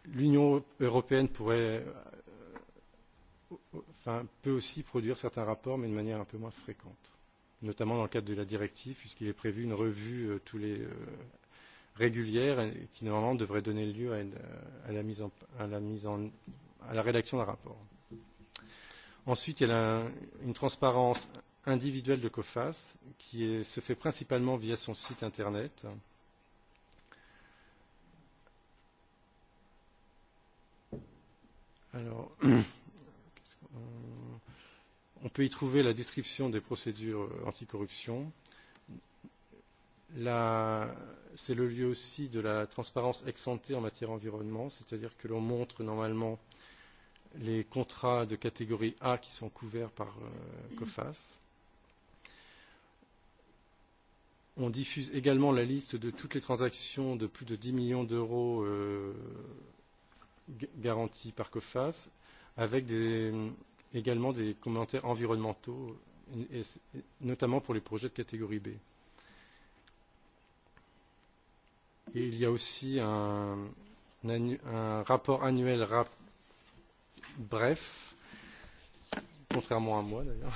L'Union européenne pourrait peut aussi produire certains rapports, mais de manière un peu moins fréquente, notamment dans le cadre de la directive, puisqu'il est prévu une revue tous les régulière qui, normalement, devrait donner lieu à la mise en à la rédaction d'un rapport. Ensuite, il y a une transparence individuelle de COFAS qui se fait principalement via son site Internet. Alors, On peut y trouver la description des procédures anticorruption. C'est le lieu aussi de la transparence ex ante en matière environnement, c'est-à-dire que l'on montre normalement les contrats de catégorie A qui sont couverts par COFAS. On diffuse également la liste de toutes les transactions de plus de 10 millions d'euros garanties par COFAS avec des également des commentaires environnementaux, notamment pour les projets de catégorie B. Et il y a aussi un, un rapport annuel rap, bref, contrairement à moi d'ailleurs.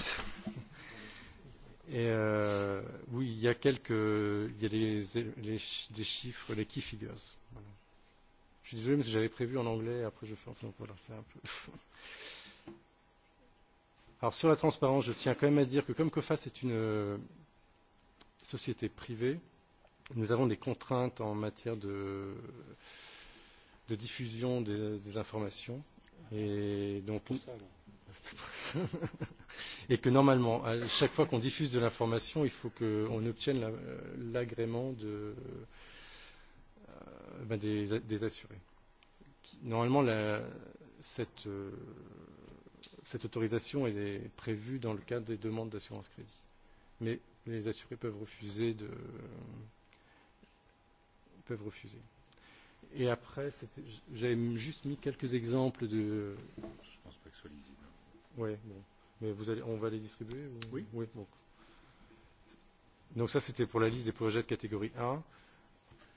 Et euh, oui, il y a quelques, il y a les, les, chiffres, les key figures. Je suis désolé, mais j'avais prévu en anglais, après je fais, enfin voilà, c'est un peu. Alors sur la transparence, je tiens quand même à dire que comme COFAS est une société privée, nous avons des contraintes en matière de, de diffusion des, des informations. Et donc, et que normalement, à chaque fois qu'on diffuse de l'information, il faut qu'on obtienne l'agrément de, ben des, des assurés. Normalement, la, cette Cette autorisation est prévue dans le cadre des demandes d'assurance crédit. Mais les assurés peuvent refuser de. peuvent refuser. Et après, j'avais juste mis quelques exemples de. Je pense pas que ce soit lisible. Oui, bon. Mais vous allez, on va les distribuer Oui. Oui, Donc ça, c'était pour la liste des projets de catégorie 1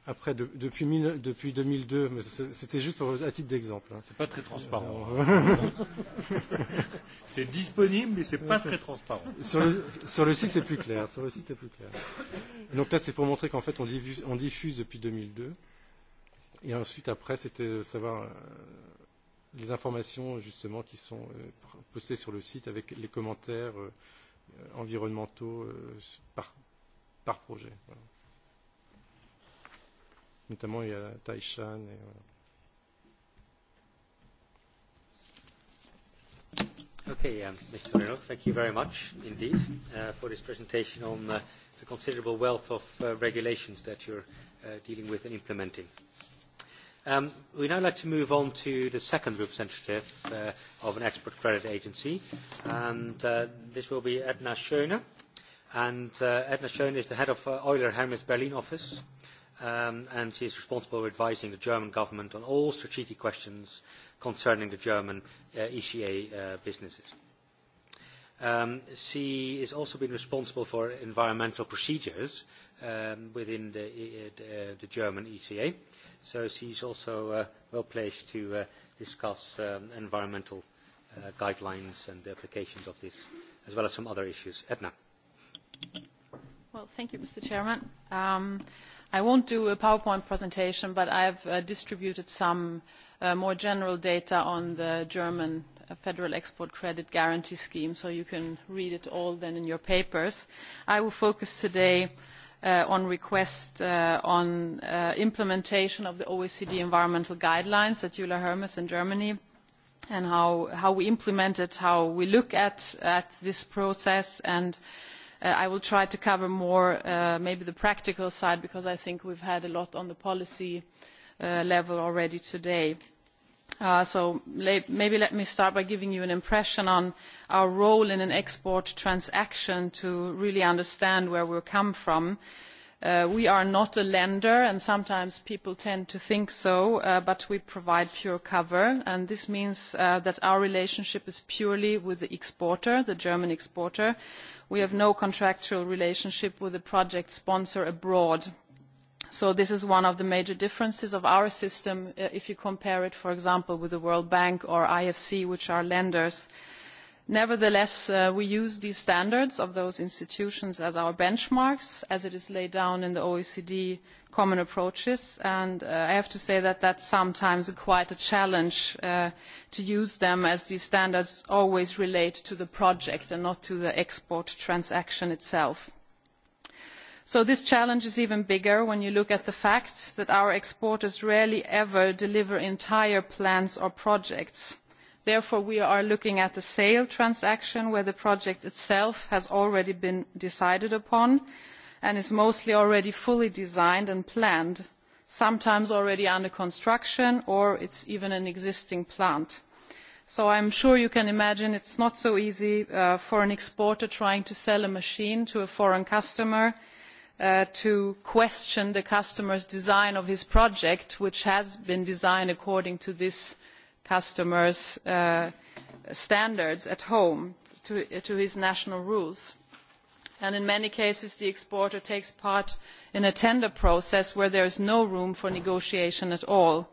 après depuis depuis 2002 c'était juste pour à titre d'exemple c'est pas très transparent c'est disponible mais c'est pas très transparent sur le sur le site c'est plus clair sur le site c'est plus clair donc là c'est pour montrer qu'en fait on diffuse on diffuse depuis 2002 et ensuite après c'était savoir les informations justement qui sont postées sur le site avec les commentaires environnementaux par par projet Notamment, il y a Taishan. Et Okay, Mr. Reno, thank you very much indeed for this presentation on the considerable wealth of regulations that you're dealing with and implementing. Um We now like to move on to the second representative of an export credit agency, and this will be Edna Schoene. And Edna Schöne is the head of Euler Hermes Berlin office and she is responsible for advising the German government on all strategic questions concerning the German ECA businesses. She has also been responsible for environmental procedures within the German ECA, so she is also well placed to discuss environmental guidelines and the applications of this, as well as some other issues. Edna. Well, thank you, Mr. Chairman. I won't do a PowerPoint presentation, but I've distributed some more general data on the German Federal Export Credit Guarantee Scheme, so you can read it all then in your papers. I will focus today on request on implementation of the OECD environmental guidelines at Euler Hermes in Germany and how we implement it, how we look at this process and I will try to cover more maybe the practical side because I think we've had a lot on the policy level already today. So maybe let me start by giving you an impression on our role in an export transaction to really understand where we come from We are not a lender, and sometimes people tend to think so, but we provide pure cover, and this means that our relationship is purely with the exporter, the German exporter. We have no contractual relationship with the project sponsor abroad. So this is one of the major differences of our system if you compare it, for example, with the World Bank or IFC, which are lenders. Nevertheless, we use these standards of those institutions as our benchmarks, as it is laid down in the OECD common approaches, and I have to say that is sometimes quite a challenge to use them, as these standards always relate to the project and not to the export transaction itself. So this challenge is even bigger when you look at the fact that our exporters rarely ever deliver entire plans or projects Therefore, we are looking at a sale transaction where the project itself has already been decided upon and is mostly already fully designed and planned, sometimes already under construction or it's even an existing plant. So I'm sure you can imagine it's not so easy for an exporter trying to sell a machine to a foreign customer to question the customer's design of his project, which has been designed according to this customers' standards at home to his national rules. And in many cases, the exporter takes part in a tender process where there is no room for negotiation at all.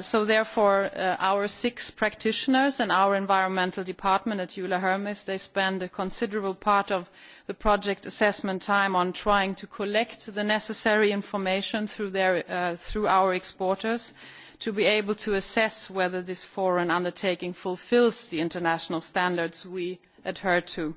So therefore, our six practitioners and our environmental department at Euler Hermes, they spend a considerable part of the project assessment time on trying to collect the necessary information through our exporters to be able to assess whether this foreign undertaking fulfils the international standards we adhere to.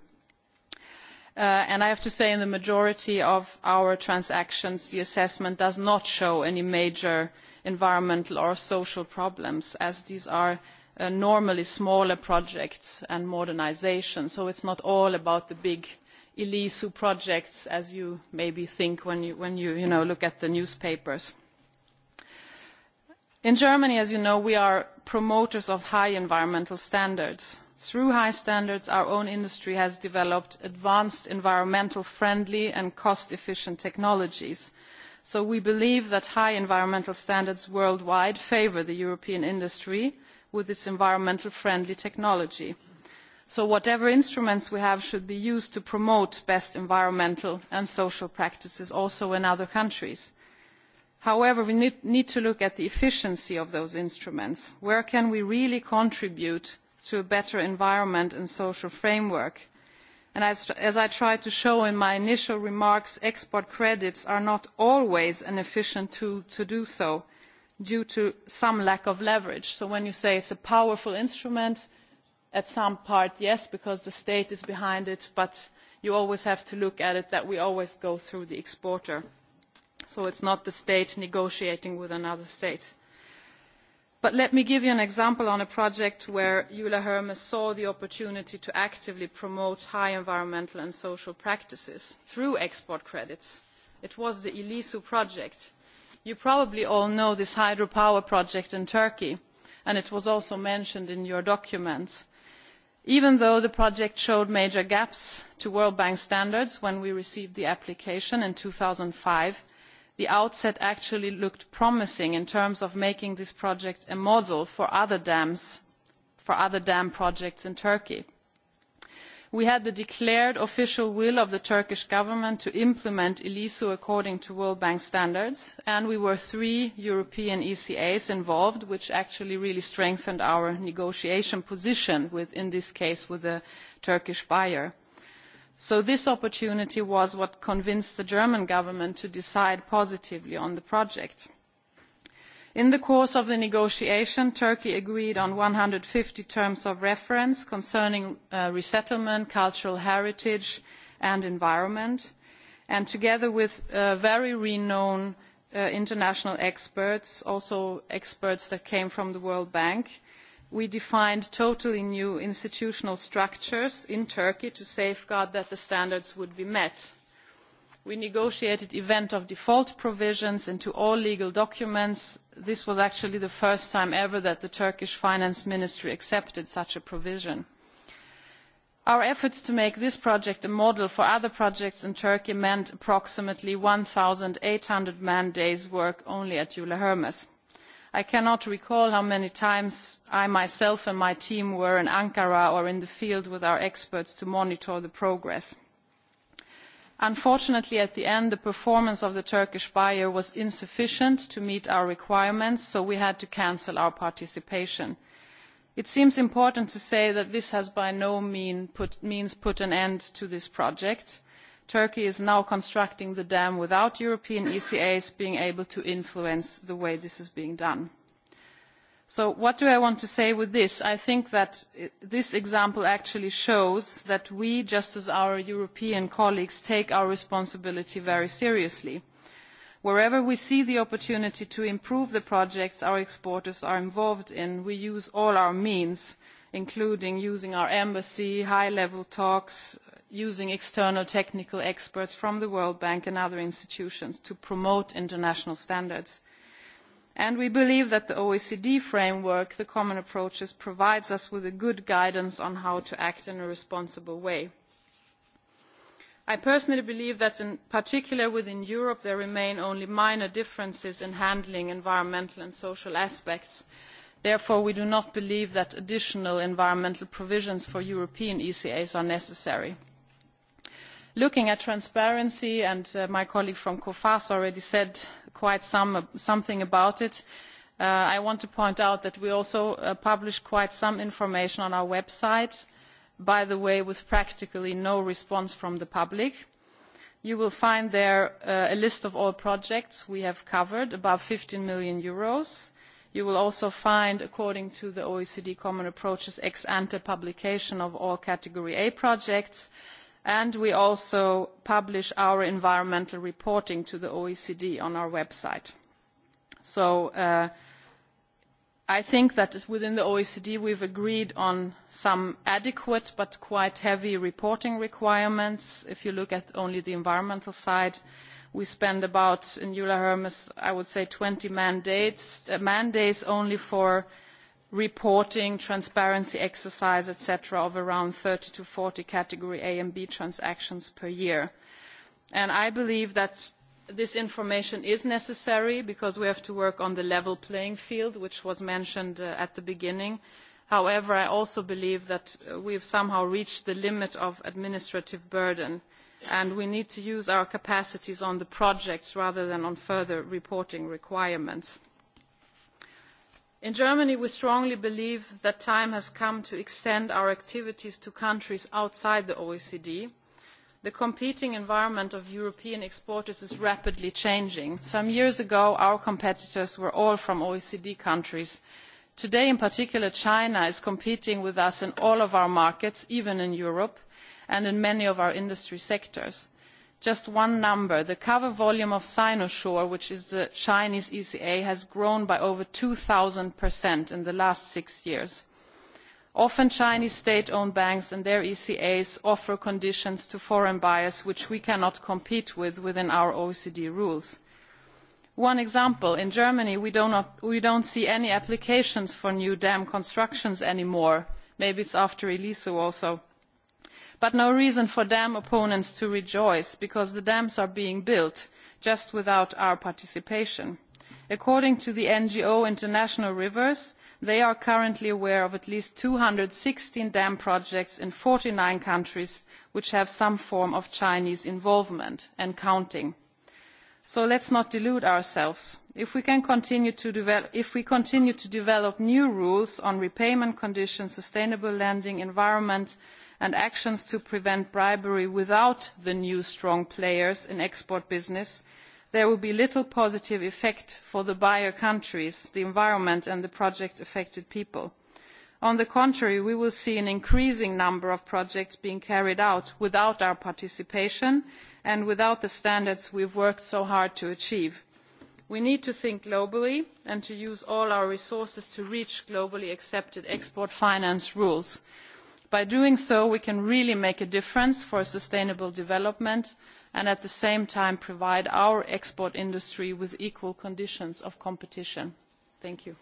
And I have to say in the majority of our transactions, the assessment does not show any major environmental or social problems, as these are normally smaller projects and modernisation. So it's not all about the big ELISU projects, as you maybe think when you look at the newspapers. In Germany, as you know, we are promoters of high environmental standards. Through high standards, our own industry has developed advanced environmental friendly and cost efficient technologies. So we believe that high environmental standards worldwide favour the European industry with its environmental friendly technology. So whatever instruments we have should be used to promote best environmental and social practices also in other countries. However, we need to look at the efficiency of those instruments. Where can we really contribute to a better environment and social framework? And as I tried to show in my initial remarks, export credits are not always an efficient tool to do so due to some lack of leverage. So when you say it's a powerful instrument, at some part, yes, because the state is behind it, but you always have to look at it that we always go through the exporter. So it is not the state negotiating with another state. But let me give you an example on a project where Eula Hermes saw the opportunity to actively promote high environmental and social practices through export credits. It was the Elisu project. You probably all know this hydropower project in Turkey, and it was also mentioned in your documents. Even though the project showed major gaps to World Bank standards when we received the application in 2005, the outset actually looked promising in terms of making this project a model for other dams, for other dam projects in Turkey. We had the declared official will of the Turkish government to implement ELISU according to World Bank standards, and we were three European ECAs involved, which actually really strengthened our negotiation position, in this case with the Turkish buyer. So this opportunity was what convinced the German government to decide positively on the project. In the course of the negotiation, Turkey agreed on 150 terms of reference concerning resettlement, cultural heritage and environment, and together with very renowned international experts, also experts that came from the World Bank, we defined totally new institutional structures in Turkey to safeguard that the standards would be met. We negotiated event of default provisions into all legal documents. This was actually the first time ever that the Turkish Finance Ministry accepted such a provision. Our efforts to make this project a model for other projects in Turkey meant approximately 1,800 man days' work only at Jula Hermes. I cannot recall how many times I myself and my team were in Ankara or in the field with our experts to monitor the progress. Unfortunately, at the end, the performance of the Turkish buyer was insufficient to meet our requirements, so we had to cancel our participation. It seems important to say that this has by no means put an end to this project Turkey is now constructing the dam without European ECAs being able to influence the way this is being done. So what do I want to say with this? I think that this example actually shows that we, just as our European colleagues, take our responsibility very seriously. Wherever we see the opportunity to improve the projects our exporters are involved in, we use all our means, including using our embassy, high-level talks, using external technical experts from the World Bank and other institutions to promote international standards. And we believe that the OECD framework, the common approaches, provides us with a good guidance on how to act in a responsible way. I personally believe that, in particular within Europe, there remain only minor differences in handling environmental and social aspects. Therefore, we do not believe that additional environmental provisions for European ECAs are necessary. Looking at transparency, and my colleague from COFAS already said quite something about it, I want to point out that we also publish quite some information on our website, by the way, with practically no response from the public. You will find there a list of all projects we have covered, above 15 million euros. You will also find, according to the OECD Common Approaches, ex-ante publication of all Category A projects and we also publish our environmental reporting to the OECD on our website. So I think that within the OECD we've agreed on some adequate but quite heavy reporting requirements. If you look at only the environmental side, we spend about, in Eula Hermes, I would say 20 mandates only for reporting, transparency exercise, etc., of around 30 to 40 category A and B transactions per year. And I believe that this information is necessary because we have to work on the level playing field, which was mentioned at the beginning. However, I also believe that we have somehow reached the limit of administrative burden, and we need to use our capacities on the projects rather than on further reporting requirements. In Germany, we strongly believe that time has come to extend our activities to countries outside the OECD. The competing environment of European exporters is rapidly changing. Some years ago, our competitors were all from OECD countries. Today, in particular, China is competing with us in all of our markets, even in Europe, and in many of our industry sectors. Just one number, the cover volume of Sinosure, which is the Chinese ECA, has grown by over 2,000% in the last six years. Often Chinese state-owned banks and their ECAs offer conditions to foreign buyers which we cannot compete with within our OECD rules. One example, in Germany we do don't see any applications for new dam constructions anymore. Maybe it's after ELISA also but no reason for dam opponents to rejoice because the dams are being built just without our participation. according to the ngo international rivers they are currently aware of at least two hundred and sixteen dam projects in forty nine countries which have some form of chinese involvement and counting. so let us not delude ourselves. if we continue to develop new rules on repayment conditions sustainable lending environment and actions to prevent bribery without the new strong players in export business, there will be little positive effect for the buyer countries, the environment and the project-affected people. On the contrary, we will see an increasing number of projects being carried out without our participation and without the standards we have worked so hard to achieve. We need to think globally and to use all our resources to reach globally accepted export finance rules. By doing so, we can really make a difference for sustainable development and at the same time provide our export industry with equal conditions of competition. Thank you.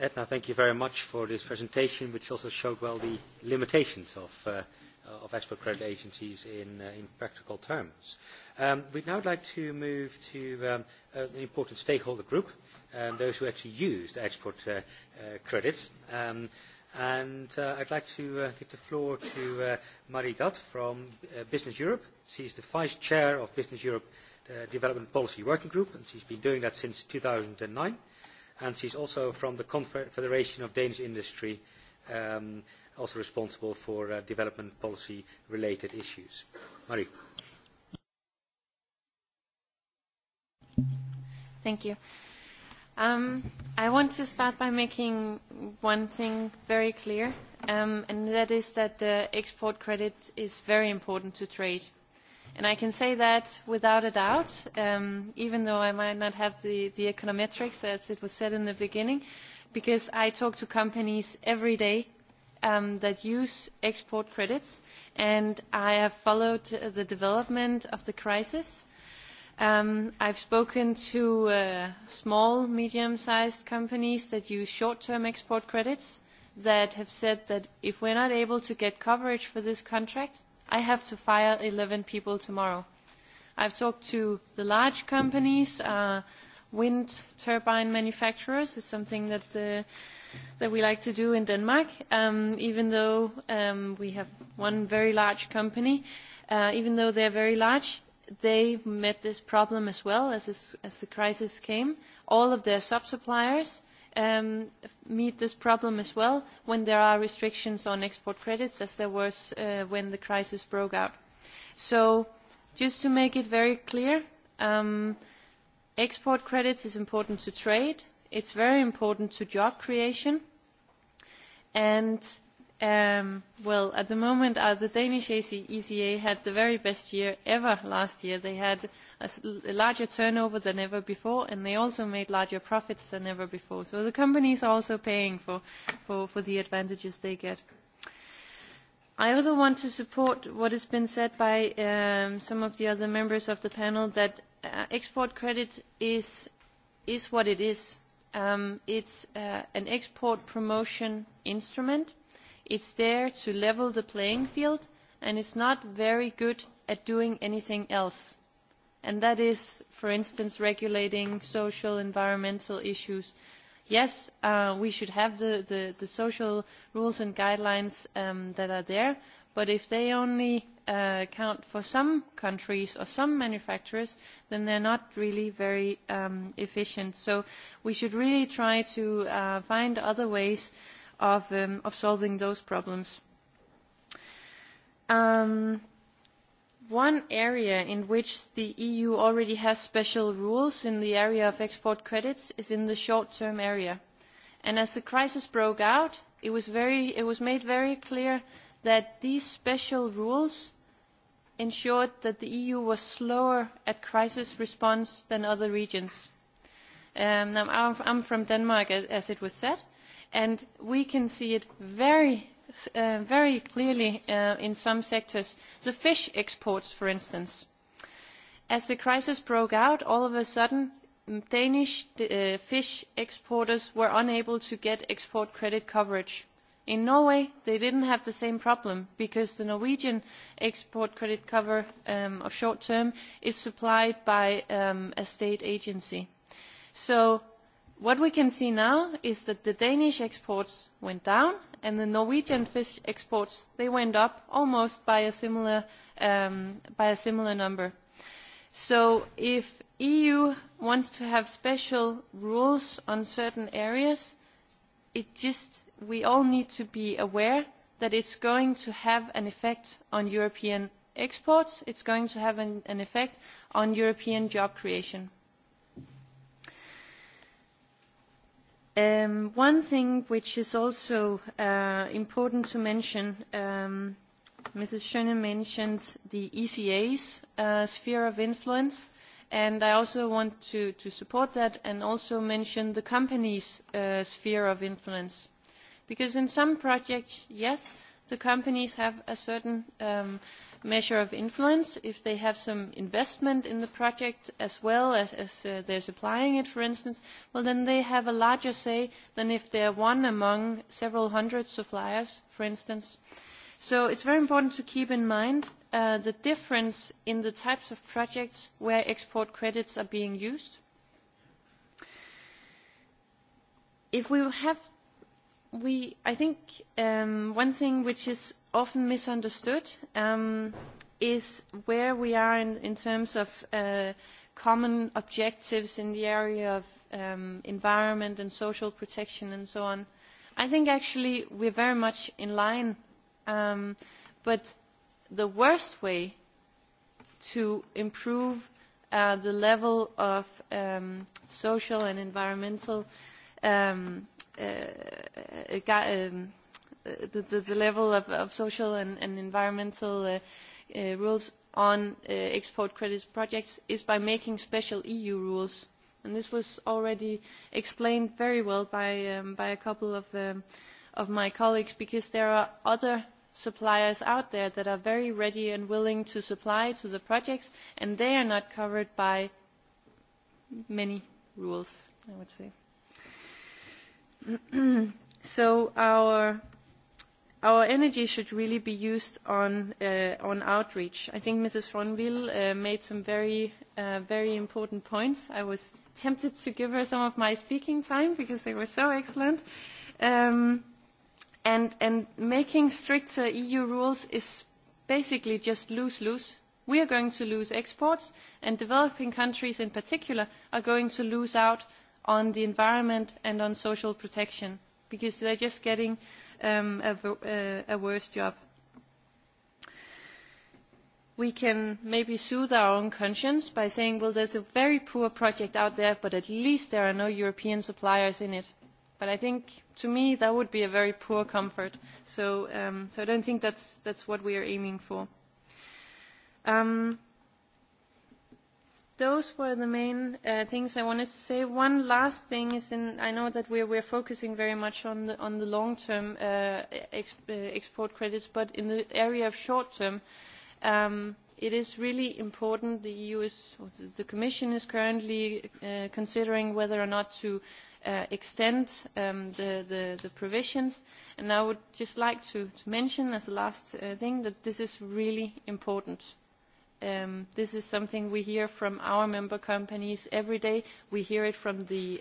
Edna, thank you very much for this presentation, which also showed well the limitations of export credit agencies in practical terms. We'd now like to move to an important stakeholder group, those who actually use the export credits. And I'd like to give the floor to Marie Gatt from Business Europe. She's the Vice Chair of Business Europe Development Policy Working Group, and she's been doing that since 2009. And she's also from the Confederation of Danish Industry, also responsible for development policy-related issues. Marie. Thank you. I want to start by making one thing very clear, and that is that the export credit is very important to trade. And I can say that without a doubt, even though I might not have the econometrics, as it was said in the beginning, because I talk to companies every day that use export credits, and I have followed the development of the crisis I've spoken to small, medium-sized companies that use short-term export credits that have said that if we're not able to get coverage for this contract, I have to fire 11 people tomorrow. I've talked to the large companies. Wind turbine manufacturers is something that we like to do in Denmark, even though we have one very large company. Even though they are very large, they met this problem as well as the crisis came. All of their sub-suppliers meet this problem as well when there are restrictions on export credits as there was when the crisis broke out. So just to make it very clear, export credits is important to trade. It's very important to job creation. And Well, at the moment, the Danish ECA had the very best year ever last year. They had a larger turnover than ever before, and they also made larger profits than ever before. So the companies are also paying for the advantages they get. I also want to support what has been said by some of the other members of the panel, that export credit is what it is. It's an export promotion instrument It's there to level the playing field and it's not very good at doing anything else. And that is, for instance, regulating social, environmental issues. Yes, we should have the social rules and guidelines that are there, but if they only count for some countries or some manufacturers, then they're not really very efficient. So we should really try to find other ways of solving those problems. One area in which the EU already has special rules in the area of export credits is in the short-term area. And as the crisis broke out, it was made very clear that these special rules ensured that the EU was slower at crisis response than other regions. I'm from Denmark, as it was said and we can see it very very clearly in some sectors the fish exports for instance as the crisis broke out all of a sudden danish fish exporters were unable to get export credit coverage in norway they didn't have the same problem because the norwegian export credit cover of short term is supplied by a state agency so What we can see now is that the Danish exports went down and the Norwegian fish exports they went up almost by a similar number. So if EU wants to have special rules on certain areas, it just we all need to be aware that it's going to have an effect on European exports, it's going to have an effect on European job creation. One thing which is also important to mention, Mrs. Schöne mentioned the ECA's sphere of influence, and I also want to support that and also mention the company's sphere of influence. Because in some projects, yes, the companies have a certain measure of influence. If they have some investment in the project as well as they're supplying it, for instance, well, then they have a larger say than if they are one among several hundred suppliers, for instance. So it's very important to keep in mind the difference in the types of projects where export credits are being used. If we have we I think one thing which is often misunderstood is where we are in terms of common objectives in the area of environment and social protection and so on. I think actually we're very much in line, but the worst way to improve the level of social and environmental the level of social and environmental rules on export credit projects is by making special EU rules. And this was already explained very well by a couple of my colleagues because there are other suppliers out there that are very ready and willing to supply to the projects and they are not covered by many rules, I would say. So our our energy should really be used on outreach. I think Mrs. Fronville made some very very important points. I was tempted to give her some of my speaking time because they were so excellent. And and making stricter EU rules is basically just lose lose. We are going to lose exports, and developing countries in particular are going to lose out on the environment and on social protection because they're just getting a worse job. We can maybe soothe our own conscience by saying, well, there's a very poor project out there, but at least there are no European suppliers in it. But I think, to me, that would be a very poor comfort. So I don't think that's what we are aiming for. Those were the main things I wanted to say. One last thing is, I know that we we're focusing very much on the long-term export credits, but in the area of short-term, it is really important. The EU is, the Commission is currently considering whether or not to extend the provisions. And I would just like to mention as a last thing that this is really important This is something we hear from our member companies every day. We hear it from the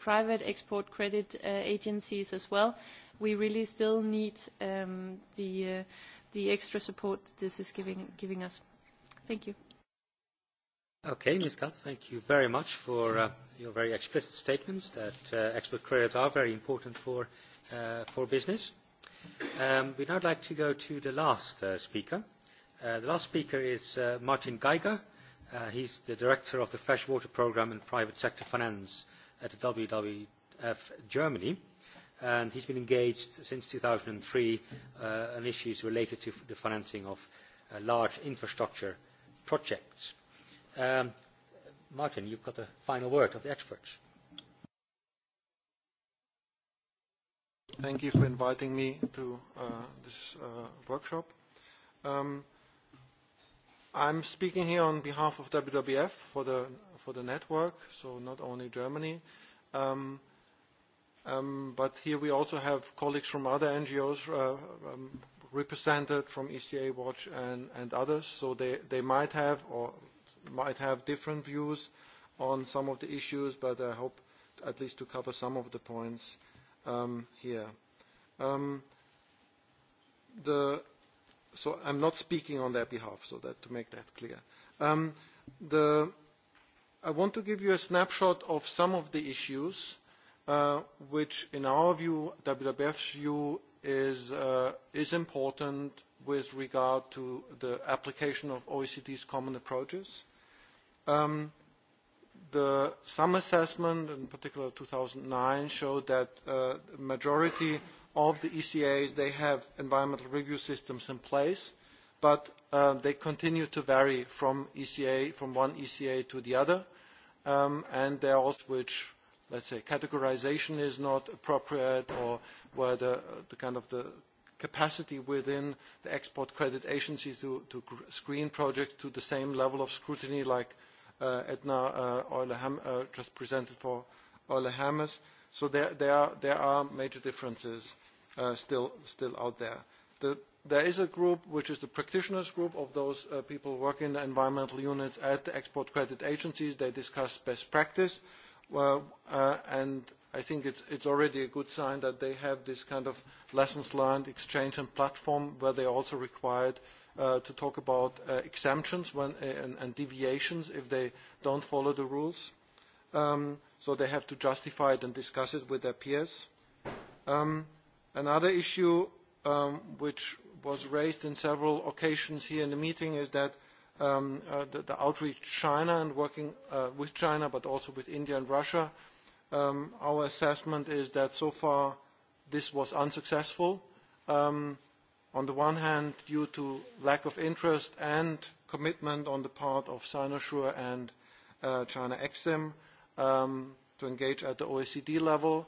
private export credit agencies as well. We really still need the extra support this is giving us. Thank you. Okay, Ms. Katz, thank you very much for your very explicit statements that export credits are very important for business. We'd now like to go to the last speaker The last speaker is Martin Geiger. He's the director of the Freshwater Programme and Private Sector Finance at the WWF Germany, and he's been engaged since 2003 on issues related to the financing of large infrastructure projects. Martin, you've got the final word of the experts. Thank you for inviting me to this workshop. Um I'm speaking here on behalf of WWF for the for the network, so not only Germany. But here we also have colleagues from other NGOs represented from ECA Watch and others, so they might have or might have different views on some of the issues, but I hope at least to cover some of the points here. The So I'm not speaking on their behalf, so that to make that clear. I want to give you a snapshot of some of the issues which, in our view, WWF's view, is important with regard to the application of OECD's common approaches. The SUM assessment, in particular 2009, showed that the majority of the ECAs. They have environmental review systems in place, but they continue to vary from ECA, from one ECA to the other, and there are also which, let's say, categorization is not appropriate or where the kind of the capacity within the export credit agency to screen projects to the same level of scrutiny like Edna just presented for Euler Hammers. So there are major differences still out there. There is a group which is the practitioners group of those people working in the environmental units at the export credit agencies. They discuss best practice, and I think it's already a good sign that they have this kind of lessons learned exchange and platform where they are also required to talk about exemptions and deviations if they don't follow the rules so they have to justify it and discuss it with their peers. Another issue which was raised in several occasions here in the meeting is that the outreach China and working with China, but also with India and Russia, our assessment is that so far this was unsuccessful. On the one hand, due to lack of interest and commitment on the part of Sinosure and China Exim, to engage at the OECD level,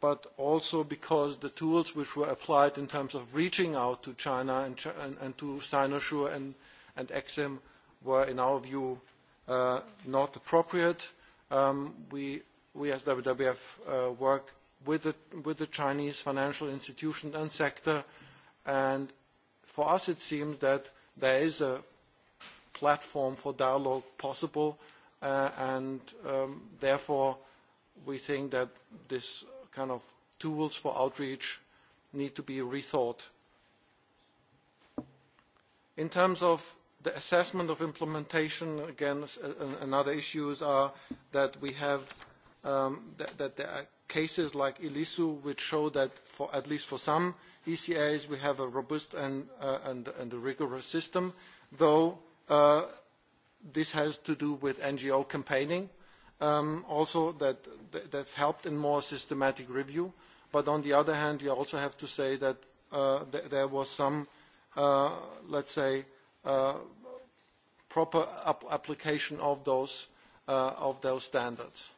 but also because the tools which were applied in terms of reaching out to China and to Sinosure and Exim were, in our view, not appropriate. We as WWF work with the Chinese financial institution and sector, and for us it seems that there is a platform for dialogue possible and therefore we think that this kind of tools for outreach need to be rethought. In terms of the assessment of implementation, again, another issues are that we have that there are cases like Elisu which show that for at least for some ECAs we have a robust and a rigorous system, though This has to do with NGO campaigning, also that helped in more systematic review. But on the other hand, you also have to say that there was some, let's say, proper application of those standards.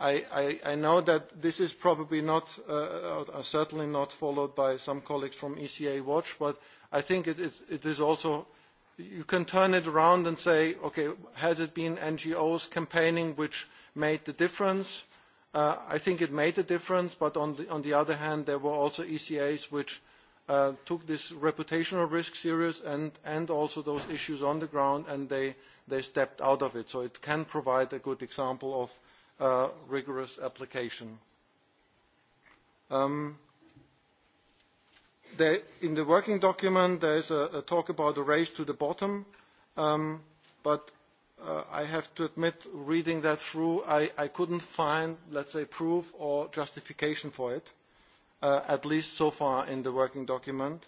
I know that this is probably not, certainly not followed by some colleagues from ECA Watch, but I think it is also you can turn it around and say, okay, has it been NGOs campaigning which made the difference? I think it made a difference, but on the other hand, there were also ECAs which took this reputational risk serious and also those issues on the ground, and they stepped out of it. So it can provide a good example of rigorous application. In the working document, there is a talk about a race to the bottom, but I have to admit, reading that through, I couldn't find, let's say, proof or justification for it, at least so far in the working document.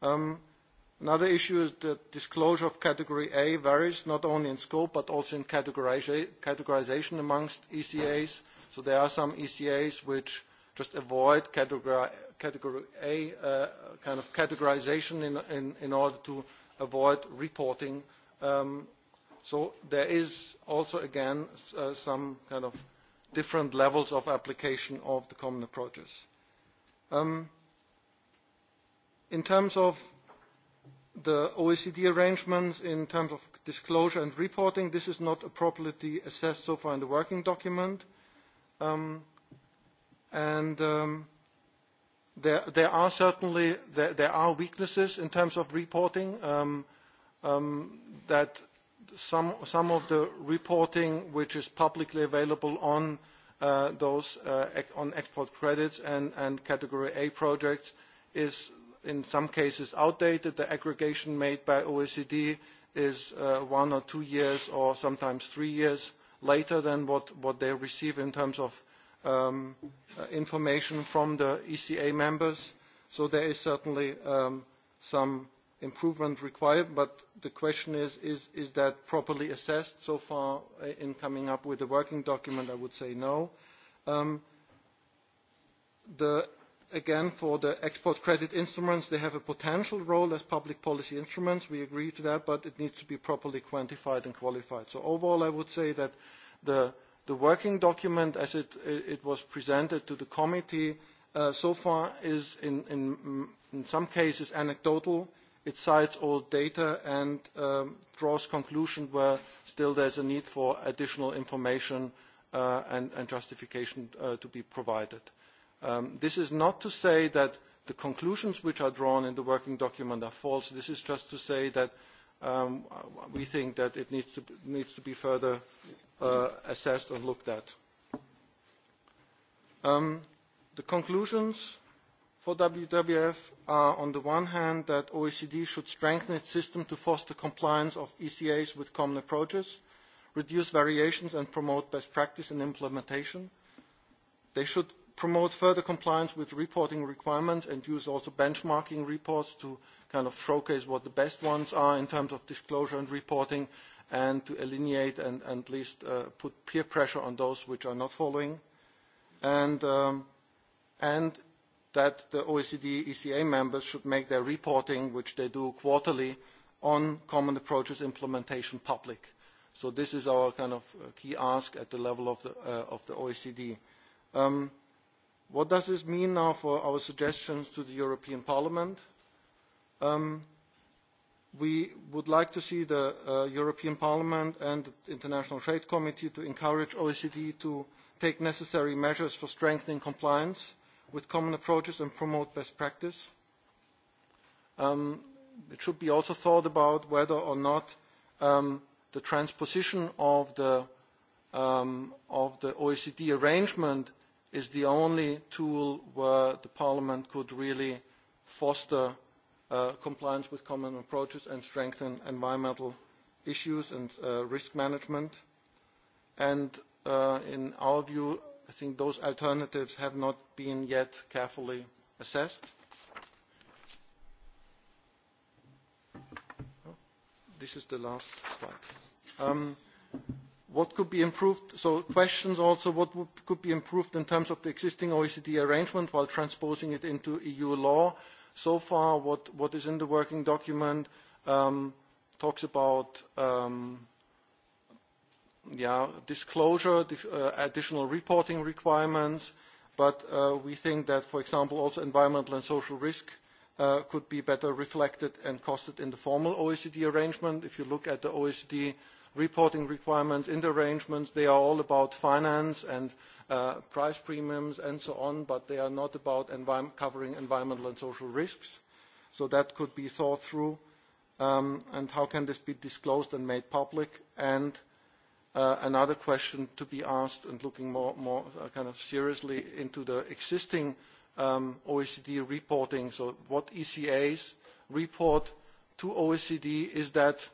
Another issue is that disclosure of Category A varies not only in scope but also in categorization amongst ECAs. So there are some ECAs which just avoid Category category A kind of categorization in order to avoid reporting. So there is also, again, some kind of different levels of application of the common approaches. In terms of the OECD arrangements, in terms of disclosure and reporting, this is not appropriately assessed so far in the working document. And There are certainly weaknesses in terms of reporting that some of the reporting which is publicly available on those on export credits and category A projects is in some cases outdated. The aggregation made by OECD is one or two years or sometimes three years later than what they receive in terms of information from the ECA members. So there is certainly some improvement required, but the question is, is that properly assessed so far in coming up with a working document? I would say no. Again, for the export credit instruments, they have a potential role as public policy instruments. We agree to that, but it needs to be properly quantified and qualified. So overall, I would say that the The working document, as it was presented to the committee so far, is in some cases anecdotal. It cites all data and draws conclusions where still there is a need for additional information and justification to be provided. This is not to say that the conclusions which are drawn in the working document are false. This is just to say that we think that it needs to be further assessed and looked at. The conclusions for WWF are, on the one hand, that OECD should strengthen its system to foster compliance of ECAs with common approaches, reduce variations and promote best practice and implementation. They should promote further compliance with reporting requirements and use also benchmarking reports to kind of showcase what the best ones are in terms of disclosure and reporting and to alineate and at least put peer pressure on those which are not following. And that the OECD ECA members should make their reporting, which they do quarterly, on common approaches implementation public. So this is our kind of key ask at the level of the OECD. What does this mean now for our suggestions to the European Parliament? We would like to see the European Parliament and the International Trade Committee to encourage OECD to take necessary measures for strengthening compliance with common approaches and promote best practice. It should be also thought about whether or not the transposition of the OECD arrangement is the only tool where the Parliament could really foster compliance with common approaches and strengthen environmental issues and risk management. And in our view, I think those alternatives have not been yet carefully assessed. This is the last slide what could be improved. So questions also what could be improved in terms of the existing OECD arrangement while transposing it into EU law. So far, what is in the working document talks about disclosure, additional reporting requirements, but we think that, for example, also environmental and social risk could be better reflected and costed in the formal OECD arrangement. If you look at the OECD reporting requirements in the arrangements. They are all about finance and price premiums and so on, but they are not about covering environmental and social risks. So that could be thought through. And how can this be disclosed and made public? And another question to be asked and looking more kind of seriously into the existing OECD reporting. So what ECAs report to OECD is that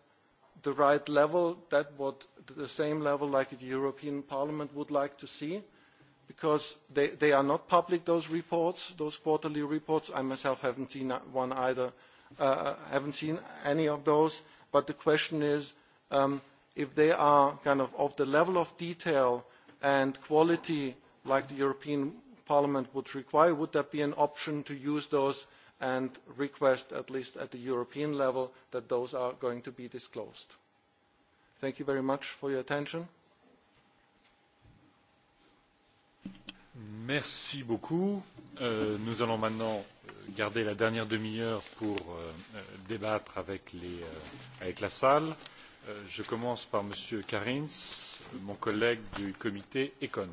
the right level, that what the same level like the European Parliament would like to see, because they are not public, those reports, those quarterly reports. I myself haven't seen one either, haven't seen any of those. But the question is, if they are kind of of the level of detail and quality like the European Parliament would require, would that be an option to use those and request, at least at the European level, that those are going to be disclosed. Thank you very much for your attention. Merci beaucoup. Nous allons maintenant garder la dernière demi-heure pour débattre avec la salle. Je commence par M. Karins, mon collègue du comité ECON.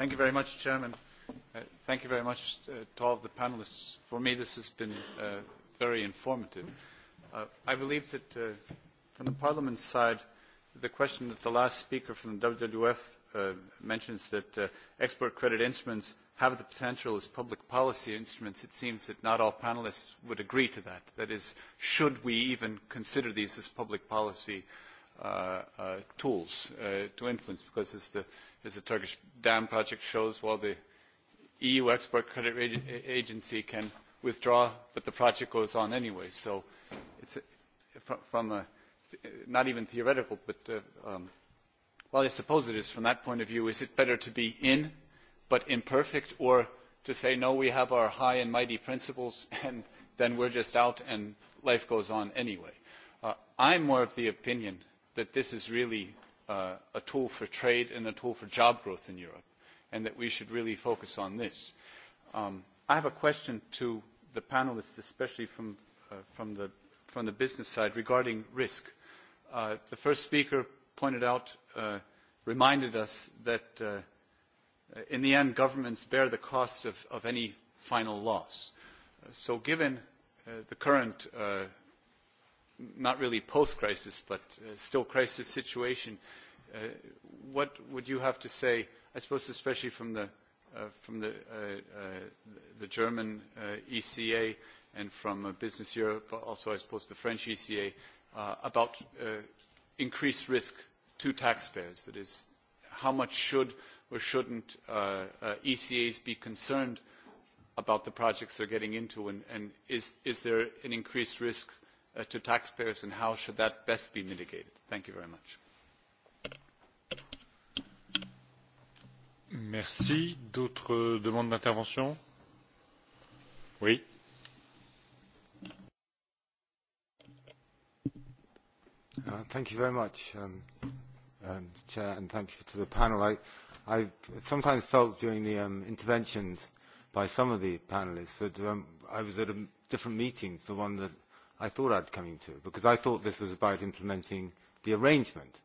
Thank you very much, Chairman. Thank you very much to all of the panelists. For me, this has been very informative. I believe that from the Parliament side, the question that the last speaker from the WWF mentions that export credit instruments have the potential as public policy instruments, it seems that not all panelists would agree to that. That is, should we even consider these as public policy tools to influence because as the as the Turkish dam project shows, while the EU Export Credit Agency can withdraw, but the project goes on anyway. So it's from a not even theoretical, but well, I suppose it is from that point of view, is it better to be in but imperfect or to say, no, we have our high and mighty principles and then we're just out and life goes on anyway? I'm more of the opinion that this is really a tool for trade and a tool for job growth in Europe, and that we should really focus on this. I have a question to the panelists, especially from the business side, regarding risk. The first speaker pointed out, reminded us that in the end governments bear the cost of any final loss. So given the current not really post-crisis, but still crisis situation, what would you have to say, I suppose especially from the from the German ECA and from Business Europe, but also I suppose the French ECA, about increased risk to taxpayers. That is, how much should or shouldn't ECAs be concerned about the projects they're getting into, and is there an increased risk to taxpayers and how should that best be mitigated? Thank you very much. Merci. D'autres demandes d'intervention Oui. Thank you very much, Chair, and thank you to the panel. I sometimes felt during the interventions by some of the panelists that I was at a different meeting to the one that I thought I'd come to, because I thought this was about implementing the arrangement.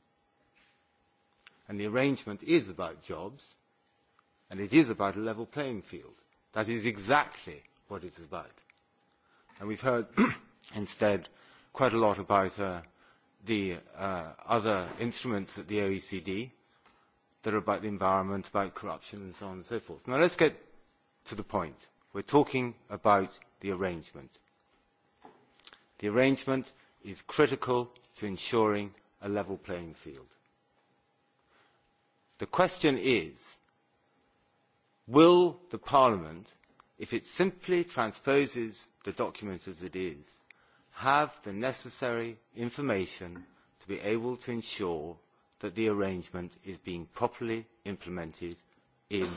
And the arrangement is about jobs, and it is about a level playing field. That is exactly what it's about. And we've heard instead quite a lot about the other instruments at the OECD that are about the environment, about corruption, and so on and so forth. Now let's get to the point. We're talking about the arrangement. The arrangement is critical to ensuring a level playing field. The question is, will the Parliament, if it simply transposes the document as it is, have the necessary information to be able to ensure that the arrangement is being properly implemented in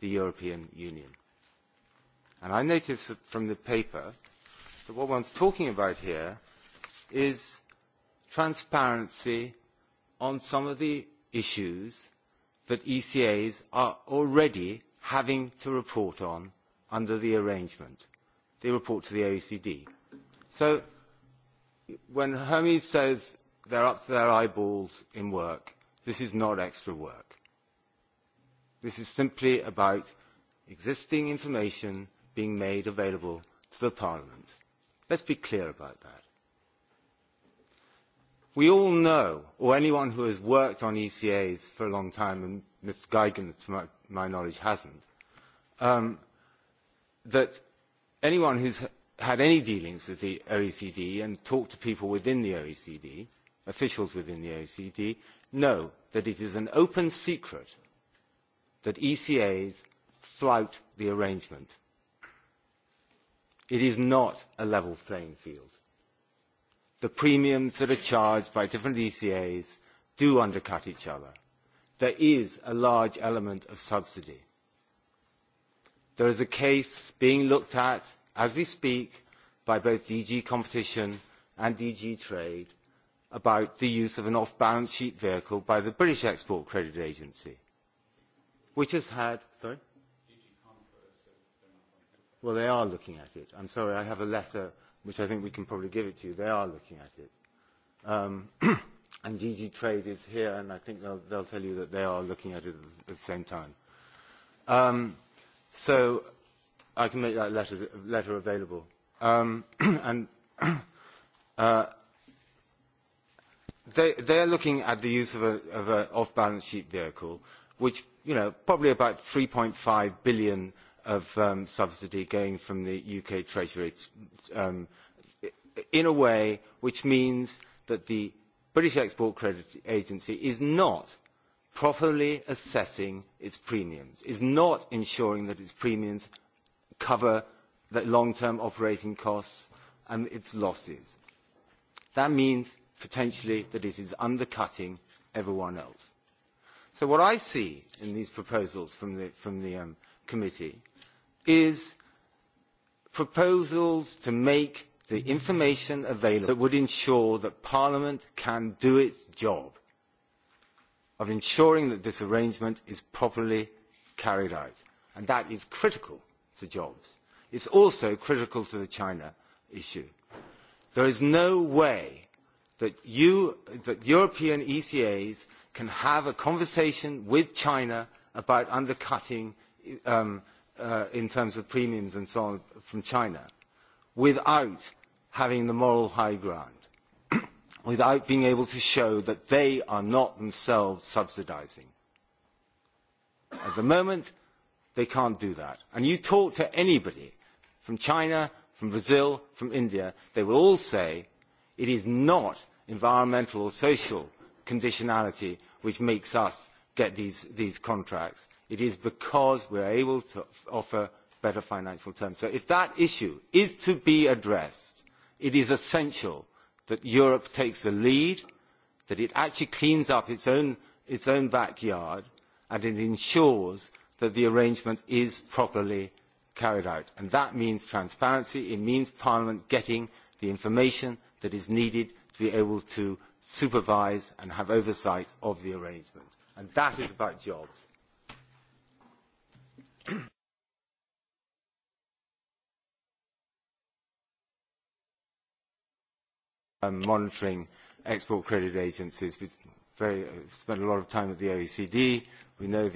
the European Union? And I notice from the paper So what one's talking about here is transparency on some of the issues that ECAs are already having to report on under the arrangement. They report to the OECD. So when Hermes says they're up to their eyeballs in work, this is not extra work. This is simply about existing information being made available to the Parliament. Let's be clear about that. We all know, or anyone who has worked on ECAs for a long time, and Ms. Geigen, to my knowledge, hasn't, that anyone who has had any dealings with the OECD and talked to people within the OECD, officials within the OECD, know that it is an open secret that ECAs flout the arrangement It is not a level playing field. The premiums that are charged by different ECAs do undercut each other. There is a large element of subsidy. There is a case being looked at as we speak by both DG Competition and DG Trade about the use of an off-balance sheet vehicle by the British Export Credit Agency, which has had. Sorry? Well, they are looking at it. I'm sorry, I have a letter which I think we can probably give it to you. They are looking at it. And DG Trade is here, and I think they'll tell you that they are looking at it at the same time. So I can make that letter available. And they are looking at the use of an off-balance sheet vehicle, which, you know, probably about 3.5 billion of subsidy going from the UK Treasury in a way which means that the British Export Credit Agency is not properly assessing its premiums, is not ensuring that its premiums cover the long-term operating costs and its losses. That means potentially that it is undercutting everyone else. So what I see in these proposals from the Committee is proposals to make the information available that would ensure that Parliament can do its job of ensuring that this arrangement is properly carried out. And that is critical to jobs. It's also critical to the China issue. There is no way that European ECAs can have a conversation with China about undercutting in terms of premiums and so on from China without having the moral high ground, without being able to show that they are not themselves subsidising. At the moment, they can't do that. And you talk to anybody from China, from Brazil, from India, they will all say it is not environmental or social conditionality which makes us get these contracts. It is because we are able to offer better financial terms. So if that issue is to be addressed, it is essential that Europe takes the lead, that it actually cleans up its own backyard, and it ensures that the arrangement is properly carried out. that means transparency. It means Parliament getting the information that is needed to be able to supervise and have oversight of the arrangement. And that is about jobs monitoring export credit agencies. We spent a lot of time at the OECD. We know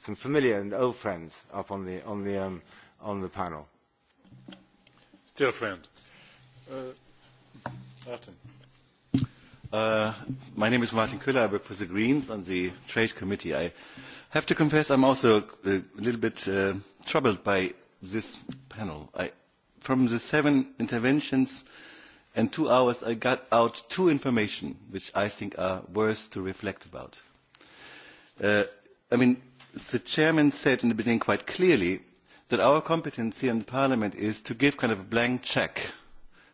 some familiar and old friends up on the panel. Still friend. Martin. My name is Martin Köhler. I work for the Greens on the Trade Committee. I have to confess I'm also a little bit troubled by this panel. From the seven interventions and two hours, I got out two information which I think are worth to reflect about. I mean, the chairman said in the beginning quite clearly that our competence here in Parliament is to give kind of a blank check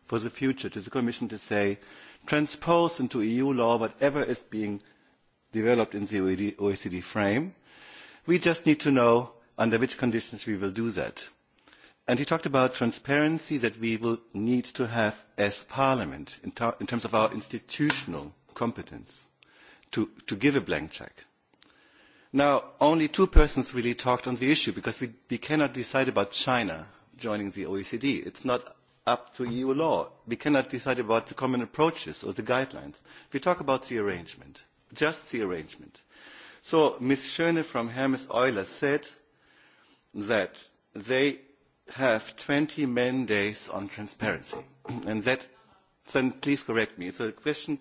for the future to the Commission to say, transpose into EU law whatever is being developed in the OECD frame We just need to know under which conditions we will do that. And he talked about transparency that we will need to have as Parliament in terms of our institutional competence to give a blank check. Now, only two persons really talked on the issue because we cannot decide about China joining the OECD. It's not up to EU law. We cannot decide about the common approaches or the guidelines. We talk about the arrangement, just the arrangement. So Ms. Schöne from Hermes Euler said that they have 20 man days on transparency. And that, then please correct me. So the question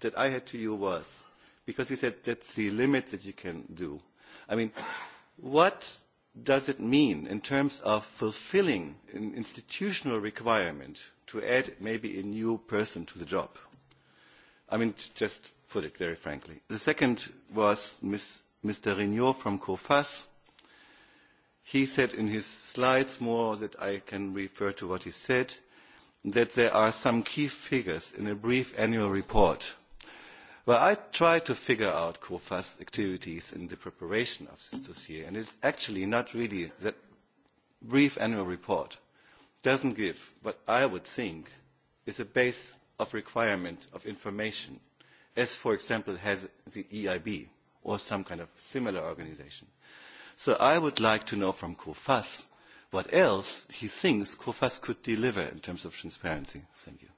that I had to you was, because you said that's the limit that you can do. I mean, what does it mean in terms of fulfilling an institutional requirement to add maybe a new person to the job? I mean, just put it very frankly. The second was Mr. Rignot from COFAS. He said in his slides more that I can refer to what he said, that there are some key figures in a brief annual report. Well, I tried to figure out COFAS activities in the preparation of this dossier, and it's actually not really that brief annual report doesn't give what I would think is a base of requirement of information as, for example, has the EIB or some kind of similar organization. So I would like to know from Kofas what else he thinks KOFAS could deliver in terms of transparency. Thank you.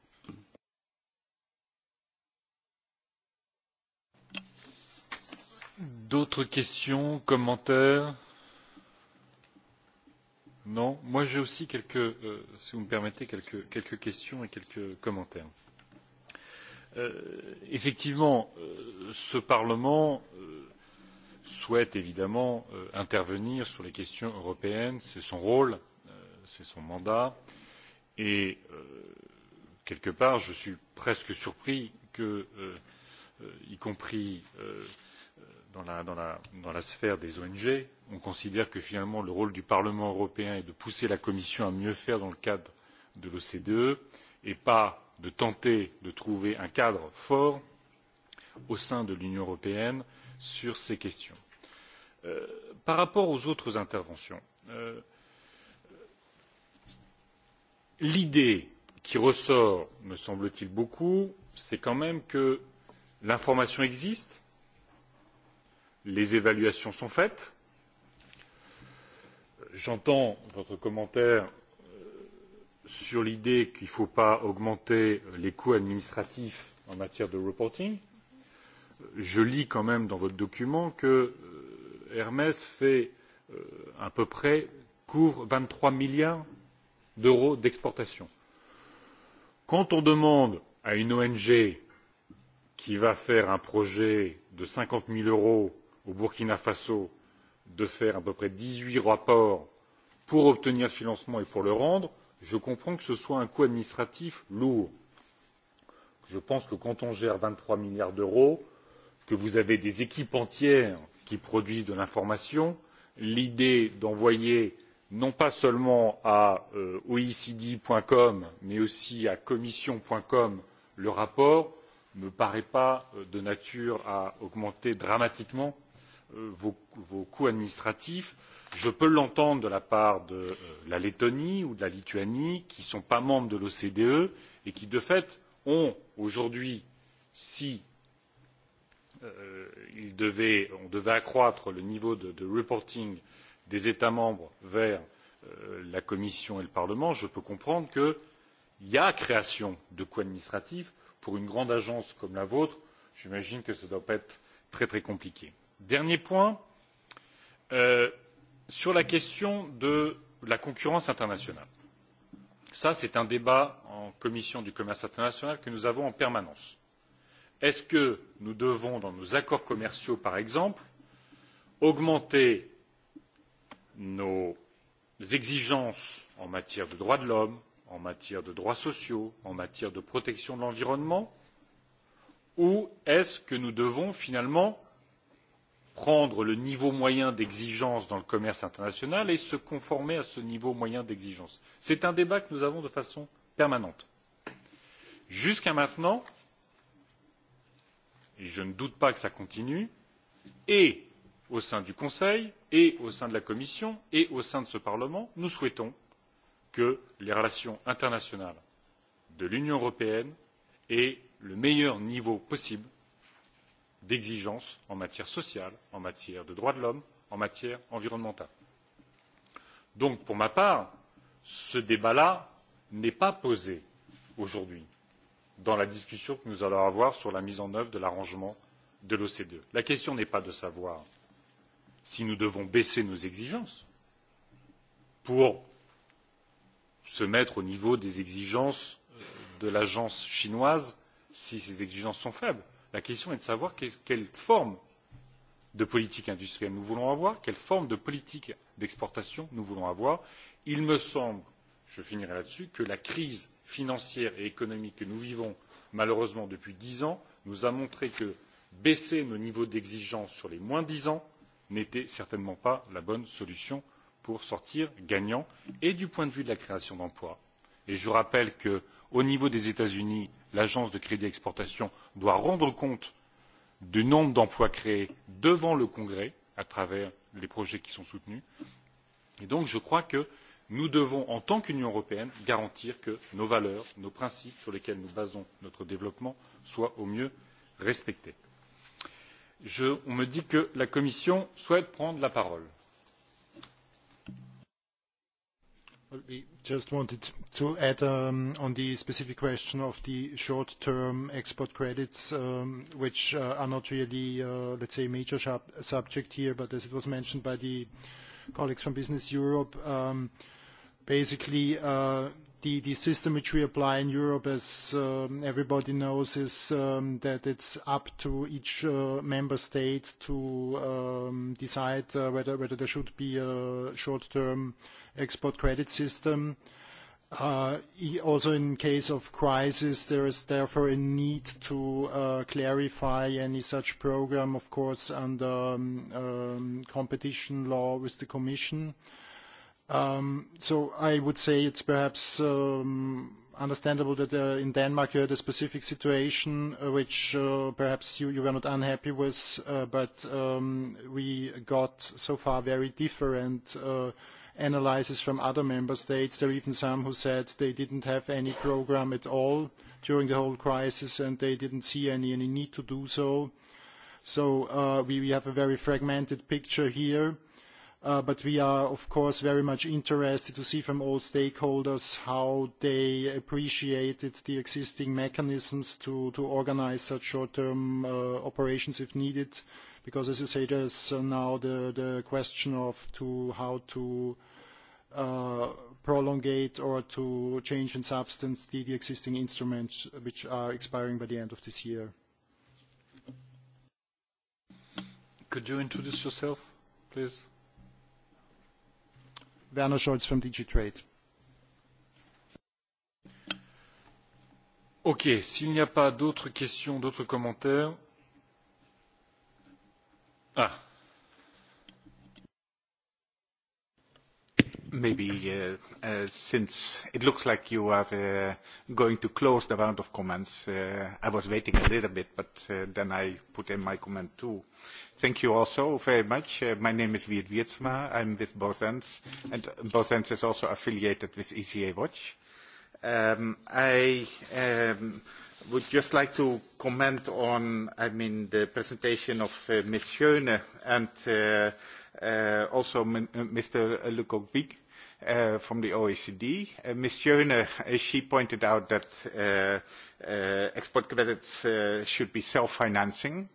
D'autres questions, commentaires Non Moi j'ai aussi quelques, si vous me permettez, quelques questions et quelques commentaires effectivement ce parlement souhaite évidemment intervenir sur les questions européennes c'est son rôle c'est son mandat et quelque part je suis presque surpris que y compris dans la sphère des ong on considère que finalement le rôle du parlement européen est de pousser la commission à mieux faire dans le cadre de l'ocde et pas de tenter de trouver un cadre fort au sein de l'union européenne sur ces questions. par rapport aux autres interventions l'idée qui ressort me semble t il beaucoup c'est quand même que l'information existe les évaluations sont faites j'entends votre commentaire sur l'idée qu'il ne faut pas augmenter les coûts administratifs en matière de reporting. Je lis quand même dans votre document que Hermès fait à peu près couvre vingt trois milliards d'euros d'exportation. Quand on demande à une ONG qui va faire un projet de cinquante 000 euros au Burkina Faso de faire à peu près dix huit rapports pour obtenir le financement et pour le rendre, je comprends que ce soit un coût administratif lourd. Je pense que quand on gère vingt trois milliards d'euros, que vous avez des équipes entières qui produisent de l'information, l'idée d'envoyer non pas seulement à oecd com mais aussi à commission com le rapport ne paraît pas de nature à augmenter dramatiquement vos coûts administratifs je peux l'entendre de la part de la lettonie ou de la lituanie qui ne sont pas membres de l'ocde et qui de fait ont aujourd'hui si on devait accroître le niveau de reporting des états membres vers la commission et le parlement je peux comprendre qu'il y a création de coûts administratifs pour une grande agence comme la vôtre j'imagine que cela ne doit pas être très compliqué dernier point sur la question de la concurrence internationale c'est un débat en commission du commerce international que nous avons en permanence. est ce que nous devons dans nos accords commerciaux par exemple augmenter nos exigences en matière de droits de l'homme en matière de droits sociaux en matière de protection de l'environnement ou est ce que nous devons finalement prendre le niveau moyen d'exigence dans le commerce international et se conformer à ce niveau moyen d'exigence. C'est un débat que nous avons de façon permanente. Jusqu'à maintenant, et je ne doute pas que cela continue, et au sein du Conseil, et au sein de la Commission, et au sein de ce Parlement, nous souhaitons que les relations internationales de l'Union européenne aient le meilleur niveau possible d'exigences en matière sociale, en matière de droits de l'homme, en matière environnementale. Donc, pour ma part, ce débat-là n'est pas posé aujourd'hui dans la discussion que nous allons avoir sur la mise en œuvre de l'arrangement de l'OCDE. La question n'est pas de savoir si nous devons baisser nos exigences pour se mettre au niveau des exigences de l'agence chinoise si ces exigences sont faibles. La question est de savoir quelle forme de politique industrielle nous voulons avoir, quelle forme de politique d'exportation nous voulons avoir. Il me semble, je finirai là-dessus, que la crise financière et économique que nous vivons malheureusement depuis dix ans nous a montré que baisser nos niveaux d'exigence sur les moins dix ans n'était certainement pas la bonne solution pour sortir gagnant et du point de vue de la création d'emplois. je rappelle Au niveau des États-Unis, l'agence de crédit exportation doit rendre compte du nombre d'emplois créés devant le Congrès à travers les projets qui sont soutenus. Et donc, je crois que nous devons, en tant qu'Union européenne, garantir que nos valeurs, nos principes sur lesquels nous basons notre développement soient au mieux respectés. On me dit que la Commission souhaite prendre la parole. We Just wanted to add on the specific question of the short-term export credits, which are not really, let's say, a major subject here, but as it was mentioned by the colleagues from Business Europe, basically The system which we apply in Europe, as everybody knows, is that it's up to each member state to decide whether there should be a short-term export credit system. Also, in case of crisis, there is therefore a need to clarify any such program, of course, under competition law with the Commission. So I would say it's perhaps understandable that in Denmark you had a specific situation which perhaps you were not unhappy with, but we got so far very different analyses from other member states. There are even some who said they didn't have any program at all during the whole crisis and they didn't see any need to do so. So we have a very fragmented picture here. But we are, of course, very much interested to see from all stakeholders how they appreciated the existing mechanisms to organize such short-term operations if needed, because, as you say, there's now the question of how to prolongate or to change in substance the existing instruments which are expiring by the end of this year. Could you introduce yourself, please? Werner Scholz from DG Trade. Ok, s'il n'y a pas d'autres questions, d'autres commentaires. Ah, Maybe since it looks like you are going to close the round of comments, I was waiting a little bit, but then I put in my comment too. Thank you also very much. My name is Wiert Wiertsma. I'm with Bosens and Bosens is also affiliated with ECA Watch. I would just like to comment on, I mean, the presentation of Ms. Schöne and also Mr. Lukovic from the OECD. Ms. as she pointed out that export credits should be self-financing.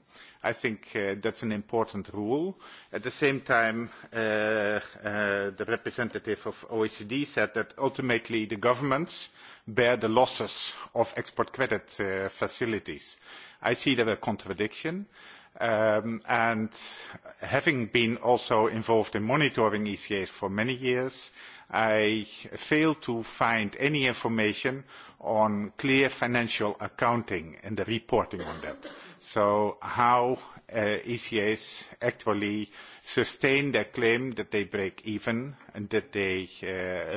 I think that's an important rule. At the same time, the representative of OECD said that ultimately the governments bear the losses of export credit facilities. I see there a contradiction and having been also involved in monitoring ECAs for many years, I failed to find any information on clear financial accounting and the reporting on that. So how ECAs actually sustain their claim that they break even and that they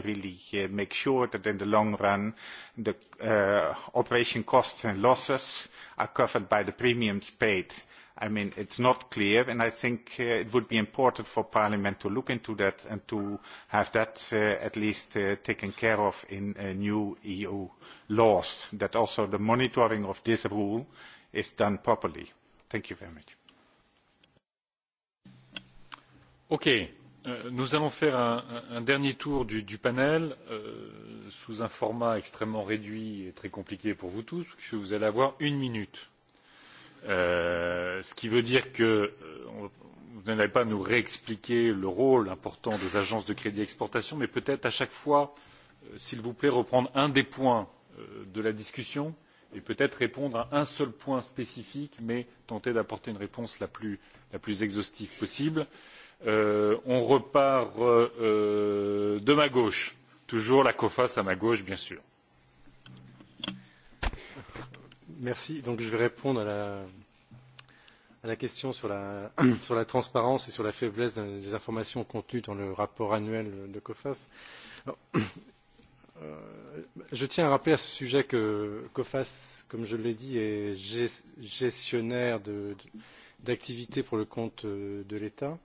really make sure that in the long run the operation costs and losses are covered by the premiums paid I mean, it's not clear, and I think it would be important for Parliament to look into that and to have that at least taken care of in new EU laws, that also the monitoring of this rule is done properly. Thank you very much. OK. Nous allons faire un dernier tour du panel sous un format extrêmement réduit et très compliqué pour vous tous, puisque vous allez avoir une minute ce qui veut dire que vous n'allez pas nous réexpliquer le rôle important des agences de crédit exportation mais peut être à chaque fois s'il vous plaît reprendre un des points de la discussion et peut être répondre à un seul point spécifique mais tenter d'apporter une réponse la plus exhaustive possible. on repart de ma gauche toujours la coface à ma gauche bien sûr. Merci. Donc je vais répondre à la, à la question sur la, sur la transparence et sur la faiblesse des informations contenues dans le rapport annuel de COFAS. Alors, je tiens à rappeler à ce sujet que COFAS, comme je l'ai dit, est gestionnaire d'activités pour le compte de l'État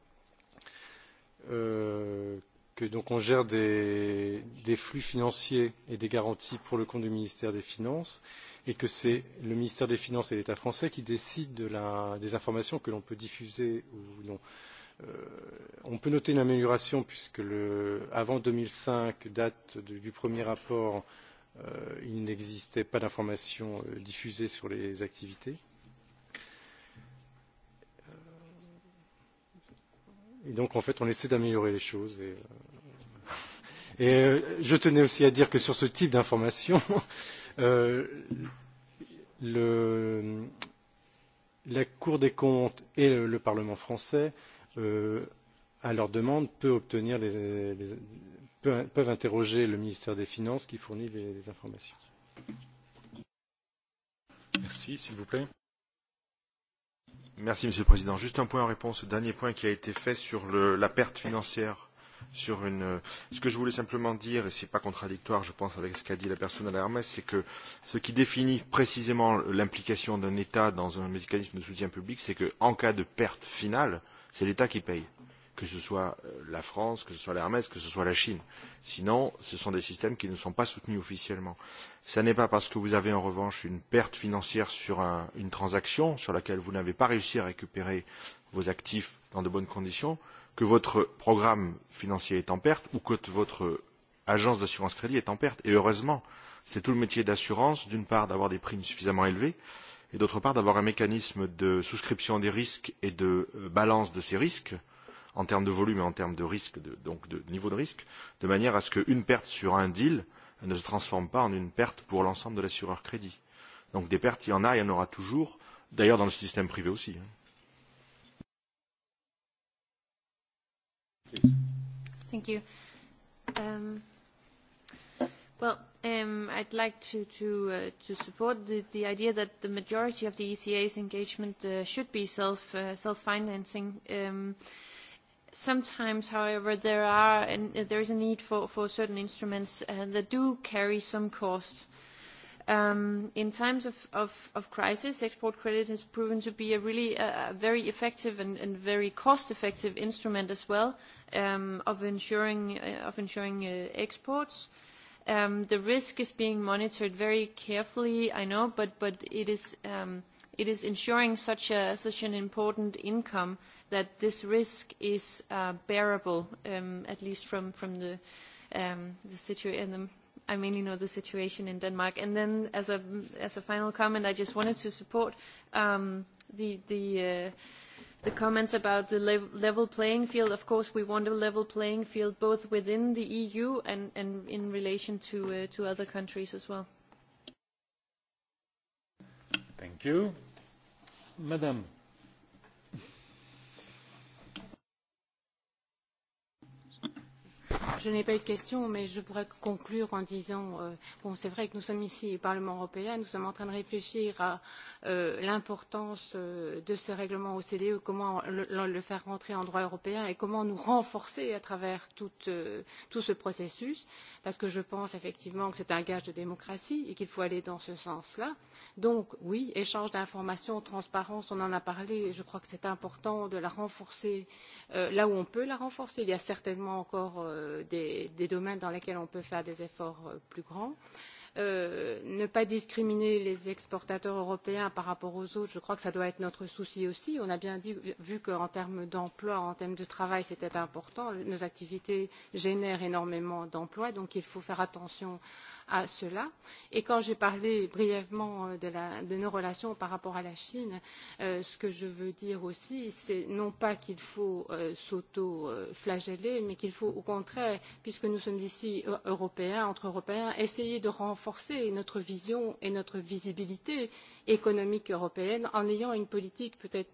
que donc on gère des flux financiers et des garanties pour le compte du ministère des Finances et que c'est le ministère des Finances et l'État français qui décident des informations que l'on peut diffuser ou non. On peut noter une amélioration puisque avant 2005, date du premier rapport, il n'existait pas d'informations diffusées sur les activités Et donc, en fait, on essaie d'améliorer les choses. Et je tenais aussi à dire que sur ce type d'information, la Cour des comptes et le Parlement français, à leur demande, peuvent interroger le ministère des Finances qui fournit les informations. Merci, s'il vous plaît. Merci, Monsieur le Président. Juste un point en réponse au dernier point qui a été fait sur la perte financière. Sur une, ce que je voulais simplement dire, et ce n'est pas contradictoire, je pense, avec ce qu'a dit la personne à la Hermès, c'est que ce qui définit précisément l'implication d'un État dans un mécanisme de soutien public, c'est qu'en cas de perte finale, c'est l'État qui paye que ce soit la France, que ce soit l'Hermès, que ce soit la Chine. Sinon, ce sont des systèmes qui ne sont pas soutenus officiellement. Ce n'est pas parce que vous avez en revanche une perte financière sur une transaction sur laquelle vous n'avez pas réussi à récupérer vos actifs dans de bonnes conditions que votre programme financier est en perte ou que votre agence d'assurance crédit est en perte. Et heureusement, c'est tout le métier d'assurance, d'une part, d'avoir des primes suffisamment élevées et d'autre part, d'avoir un mécanisme de souscription des risques et de balance de ces risques en termes de volume et en termes de risque, donc de niveau de risque, de manière à ce qu'une perte sur un deal ne se transforme pas en une perte pour l'ensemble de l'assureur crédit. Donc des pertes, il y en a, il y en aura toujours, d'ailleurs dans le système privé aussi. Thank you. Well, I'd like to to support the idea that the majority of the ECA's engagement should be self-financing. Sometimes, however, there are there is a need for for certain instruments that do carry some cost. In times of crisis, export credit has proven to be a really very effective and very cost-effective instrument as well of ensuring of ensuring exports. The risk is being monitored very carefully, I know, but but it is it is ensuring such an important income that this risk is bearable, at least from the situation. I mainly know the situation in Denmark. And then, as a final comment, I just wanted to support the the comments about the level playing field. Of course, we want a level playing field both within the EU and in relation to other countries as well. Thank you. Madame. Je n'ai pas eu de question, mais je pourrais conclure en disant bon, c'est vrai que nous sommes ici au Parlement européen, nous sommes en train de réfléchir à l'importance de ce règlement OCDE, comment le faire rentrer en droit européen et comment nous renforcer à travers tout ce processus, parce que je pense effectivement que c'est un gage de démocratie et qu'il faut aller dans ce sens là Donc oui, échange d'informations, transparence, on en a parlé, je crois que c'est important de la renforcer là où on peut la renforcer. Il y a certainement encore des domaines dans lesquels on peut faire des efforts plus grands. Ne pas discriminer les exportateurs européens par rapport aux autres, je crois que ça doit être notre souci aussi. On a bien dit vu qu'en termes d'emploi, en termes de travail, c'était important. Nos activités génèrent énormément d'emplois, donc il faut faire attention à cela. Et quand j'ai parlé brièvement de nos relations par rapport à la Chine, ce que je veux dire aussi, c'est non pas qu'il faut s'auto-flageller, mais qu'il faut au contraire, puisque nous sommes ici Européens, entre Européens, essayer de renforcer notre vision et notre visibilité économique européenne en ayant une politique peut-être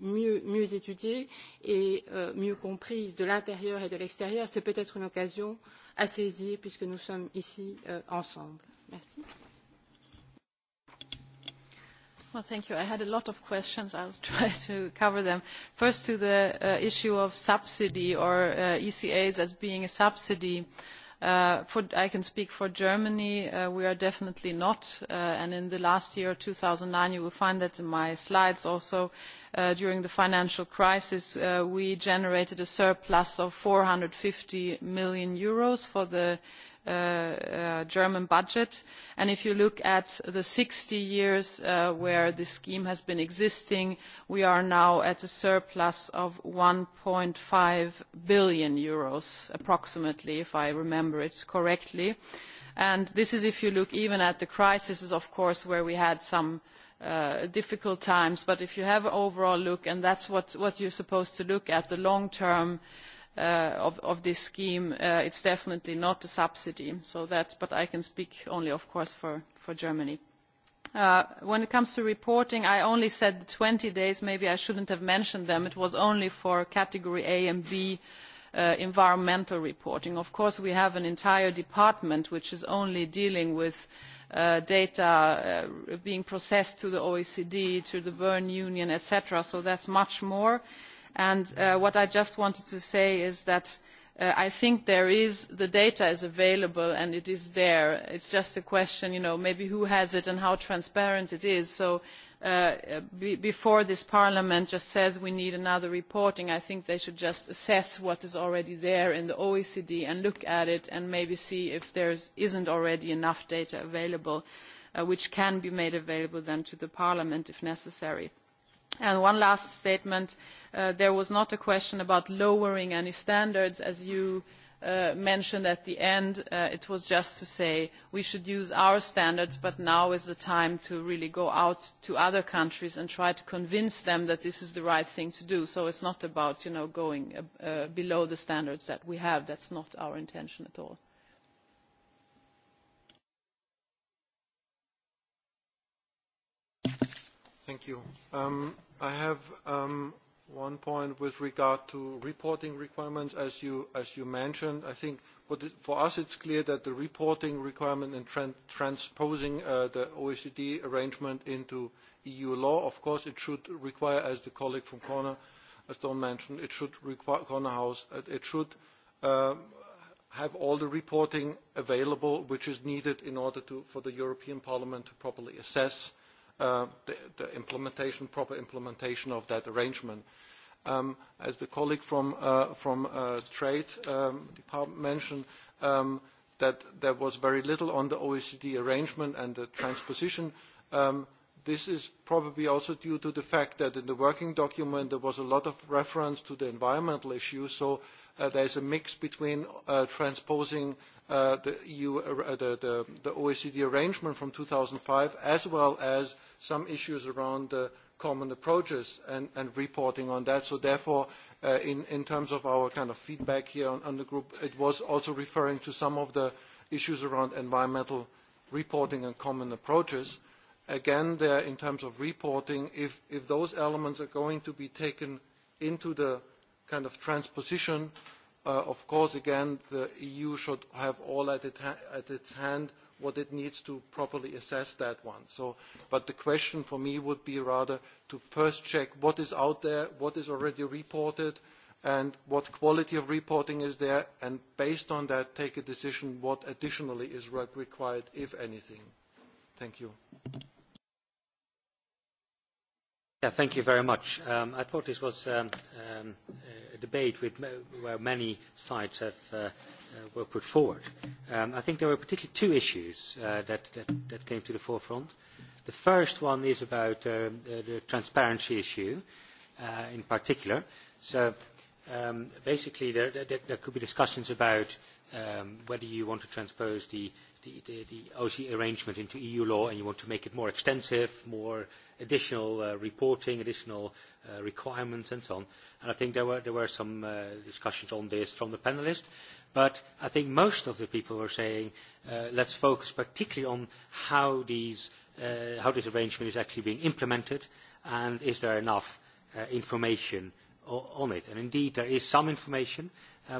mieux étudiée et mieux comprise de l'intérieur et de l'extérieur. C'est peut-être une occasion à saisir puisque nous sommes ici ensemble. Merci. Well, thank you. I had a lot of questions. I'll try to cover them. First, to the issue of subsidy or ECAs as being a subsidy. I can speak for Germany. We are definitely not. And in the last year, 2009, you will find that in my slides also, during the financial crisis, we generated a surplus of 450 million euros for the German budget. And if you look at the 60 years where this scheme has been existing, we are now at a surplus of 1.5 billion euros, approximately, if I remember it correctly. And this is if you look even at the crises, of course, where we had some difficult times. But if you have an overall look, and that's what you're supposed to look at, the long-term of this scheme. It's definitely not a subsidy. but I can speak only, of course, for Germany. When it comes to reporting, I only said 20 days. Maybe I shouldn't have mentioned them. It was only for category A and B environmental reporting. Of course, we have an entire department which is only dealing with data being processed to the OECD, to the Bern Union, etc. So that's much more And what I just wanted to say is that I think there is, the data is available and it is there. It's just a question, you know, maybe who has it and how transparent it is. So before this Parliament just says we need another reporting, I think they should just assess what is already there in the OECD and look at it and maybe see if there isn't already enough data available, which can be made available then to the Parliament if necessary. And one last statement. There was not a question about lowering any standards. As you mentioned at the end, it was just to say we should use our standards, but now is the time to really go out to other countries and try to convince them that this is the right thing to do. So it's not about going below the standards that we have. That's not our intention at all. Thank you. I have one point with regard to reporting requirements, as you mentioned. I think for us it's clear that the reporting requirement and transposing the OECD arrangement into EU law, of course, it should require, as the colleague from Cornerstone mentioned, it should require Corner House, it should have all the reporting available which is needed in order for the European Parliament to properly assess the implementation, proper implementation of that arrangement. As the colleague from Trade Department mentioned, that there was very little on the OECD arrangement and the transposition. This is probably also due to the fact that in the working document there was a lot of reference to the environmental issues, so there is a mix between transposing the OECD arrangement from 2005 as well as some issues around common approaches and reporting on that. So therefore, in terms of our kind of feedback here on the group, it was also referring to some of the issues around environmental reporting and common approaches. Again, there in terms of reporting, if those elements are going to be taken into the kind of transposition, of course, again, the EU should have all at its hand what it needs to properly assess that one. But the question for me would be rather to first check what is out there, what is already reported, and what quality of reporting is there, and based on that, take a decision what additionally is required, if anything. Thank you. Thank you very much. I thought this was a debate where many sides were put forward. I think there were particularly two issues that came to the forefront. The first one is about the transparency issue in particular. So basically there could be discussions about whether you want to transpose the OC arrangement into EU law and you want to make it more extensive, more additional reporting, additional requirements and so on. And I think there were there were some discussions on this from the panelists. But I think most of the people were saying let's focus particularly on how these how this arrangement is actually being implemented and is there enough information on it. And indeed there is some information,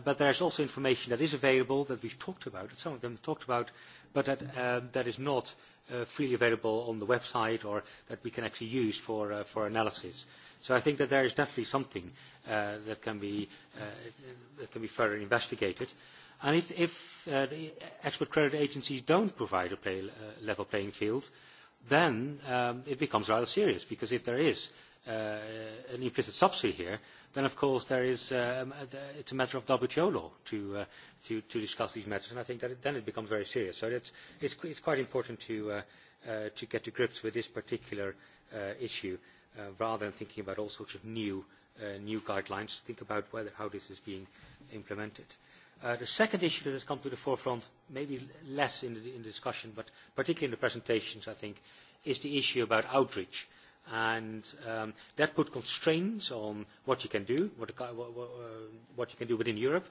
but there is also information that is available that we've talked about, that some of them talked about, but that that is not freely available on the website or that we can actually use for for analysis. So I think that there is definitely something that can be that can be further investigated. And if the expert credit agencies don't provide a level playing field, then it becomes rather serious because if there is an implicit subsidy here, then of course there is it's a matter of WTO law to to discuss these matters, and I think that then it becomes very serious. So it's it's quite important to to get to grips with this particular issue rather than thinking about all sorts of new new guidelines. Think about whether how this is being implemented. The second issue that has come to the forefront, maybe less in the discussion, but particularly in the presentations, I think, is the issue about outreach and that put constraints on what you can do, what you can do within Europe.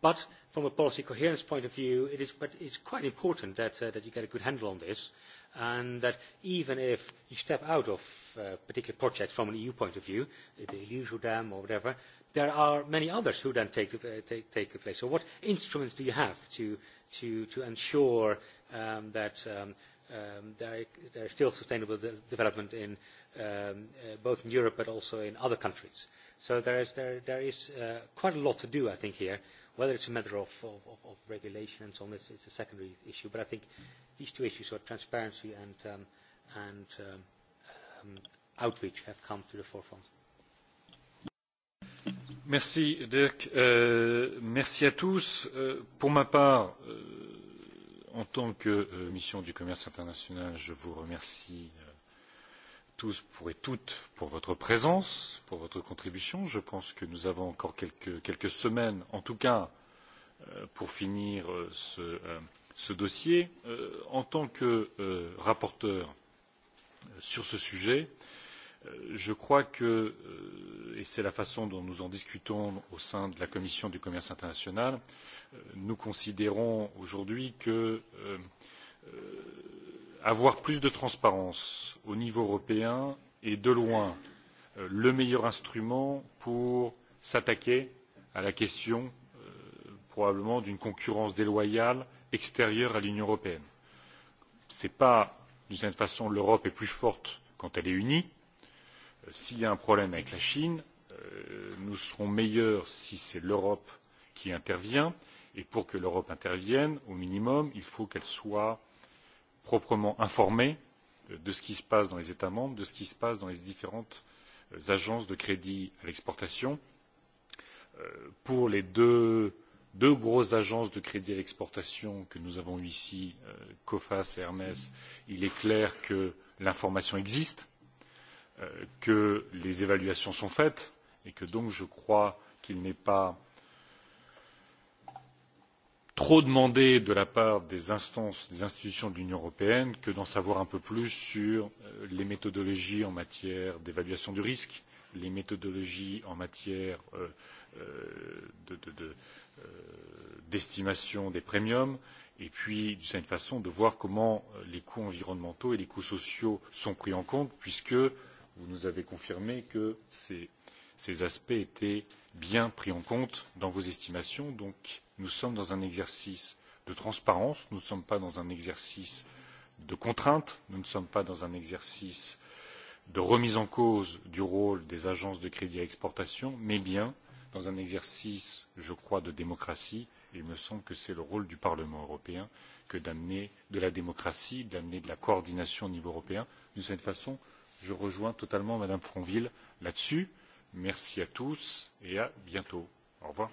But from a policy coherence point of view, it is quite important that you get a good handle on this, and that even if you step out of a particular project from an EU point of view, the usual dam or whatever, there are many others who then take the place. So what instruments do you have to ensure that there is still sustainable development in both in Europe but also in other countries. So there is quite a lot to do, I think, here. Whether it's a matter of regulation and so on, it's a secondary issue. But I think these two issues, transparency and outreach, have come to the forefront. Merci, Dirk. Merci à tous. Pour ma part En tant que mission du commerce international, je vous remercie tous et toutes pour votre présence, pour votre contribution. Je pense que nous avons encore quelques semaines, en tout cas, pour finir ce dossier. En tant que rapporteur sur ce sujet, je crois que et c'est la façon dont nous en discutons au sein de la commission du commerce international nous considérons aujourd'hui que avoir plus de transparence au niveau européen est de loin le meilleur instrument pour s'attaquer à la question probablement d'une concurrence déloyale extérieure à l'union européenne. ce n'est pas d'une certaine façon l'europe est plus forte quand elle est unie s'il y a un problème avec la Chine, nous serons meilleurs si c'est l'Europe qui intervient. Et pour que l'Europe intervienne, au minimum, il faut qu'elle soit proprement informée de ce qui se passe dans les États membres, de ce qui se passe dans les différentes agences de crédit à l'exportation. Pour les deux grosses agences de crédit à l'exportation que nous avons ici, COFAS et Hermes, il est clair que l'information existe que les évaluations sont faites et que donc je crois qu'il n'est pas trop demandé de la part des instances des institutions de l'union européenne que d'en savoir un peu plus sur les méthodologies en matière d'évaluation du risque les méthodologies en matière d'estimation des premiums et puis d'une certaine façon de voir comment les coûts environnementaux et les coûts sociaux sont pris en compte puisque vous nous avez confirmé que ces aspects étaient bien pris en compte dans vos estimations. Donc, nous sommes dans un exercice de transparence, nous ne sommes pas dans un exercice de contrainte, nous ne sommes pas dans un exercice de remise en cause du rôle des agences de crédit à exportation, mais bien dans un exercice, je crois, de démocratie. Il me semble que c'est le rôle du Parlement européen que d'amener de la démocratie, d'amener de la coordination au niveau européen. D'une certaine façon, je rejoins totalement mme frontville là dessus merci à tous et à bientôt au revoir.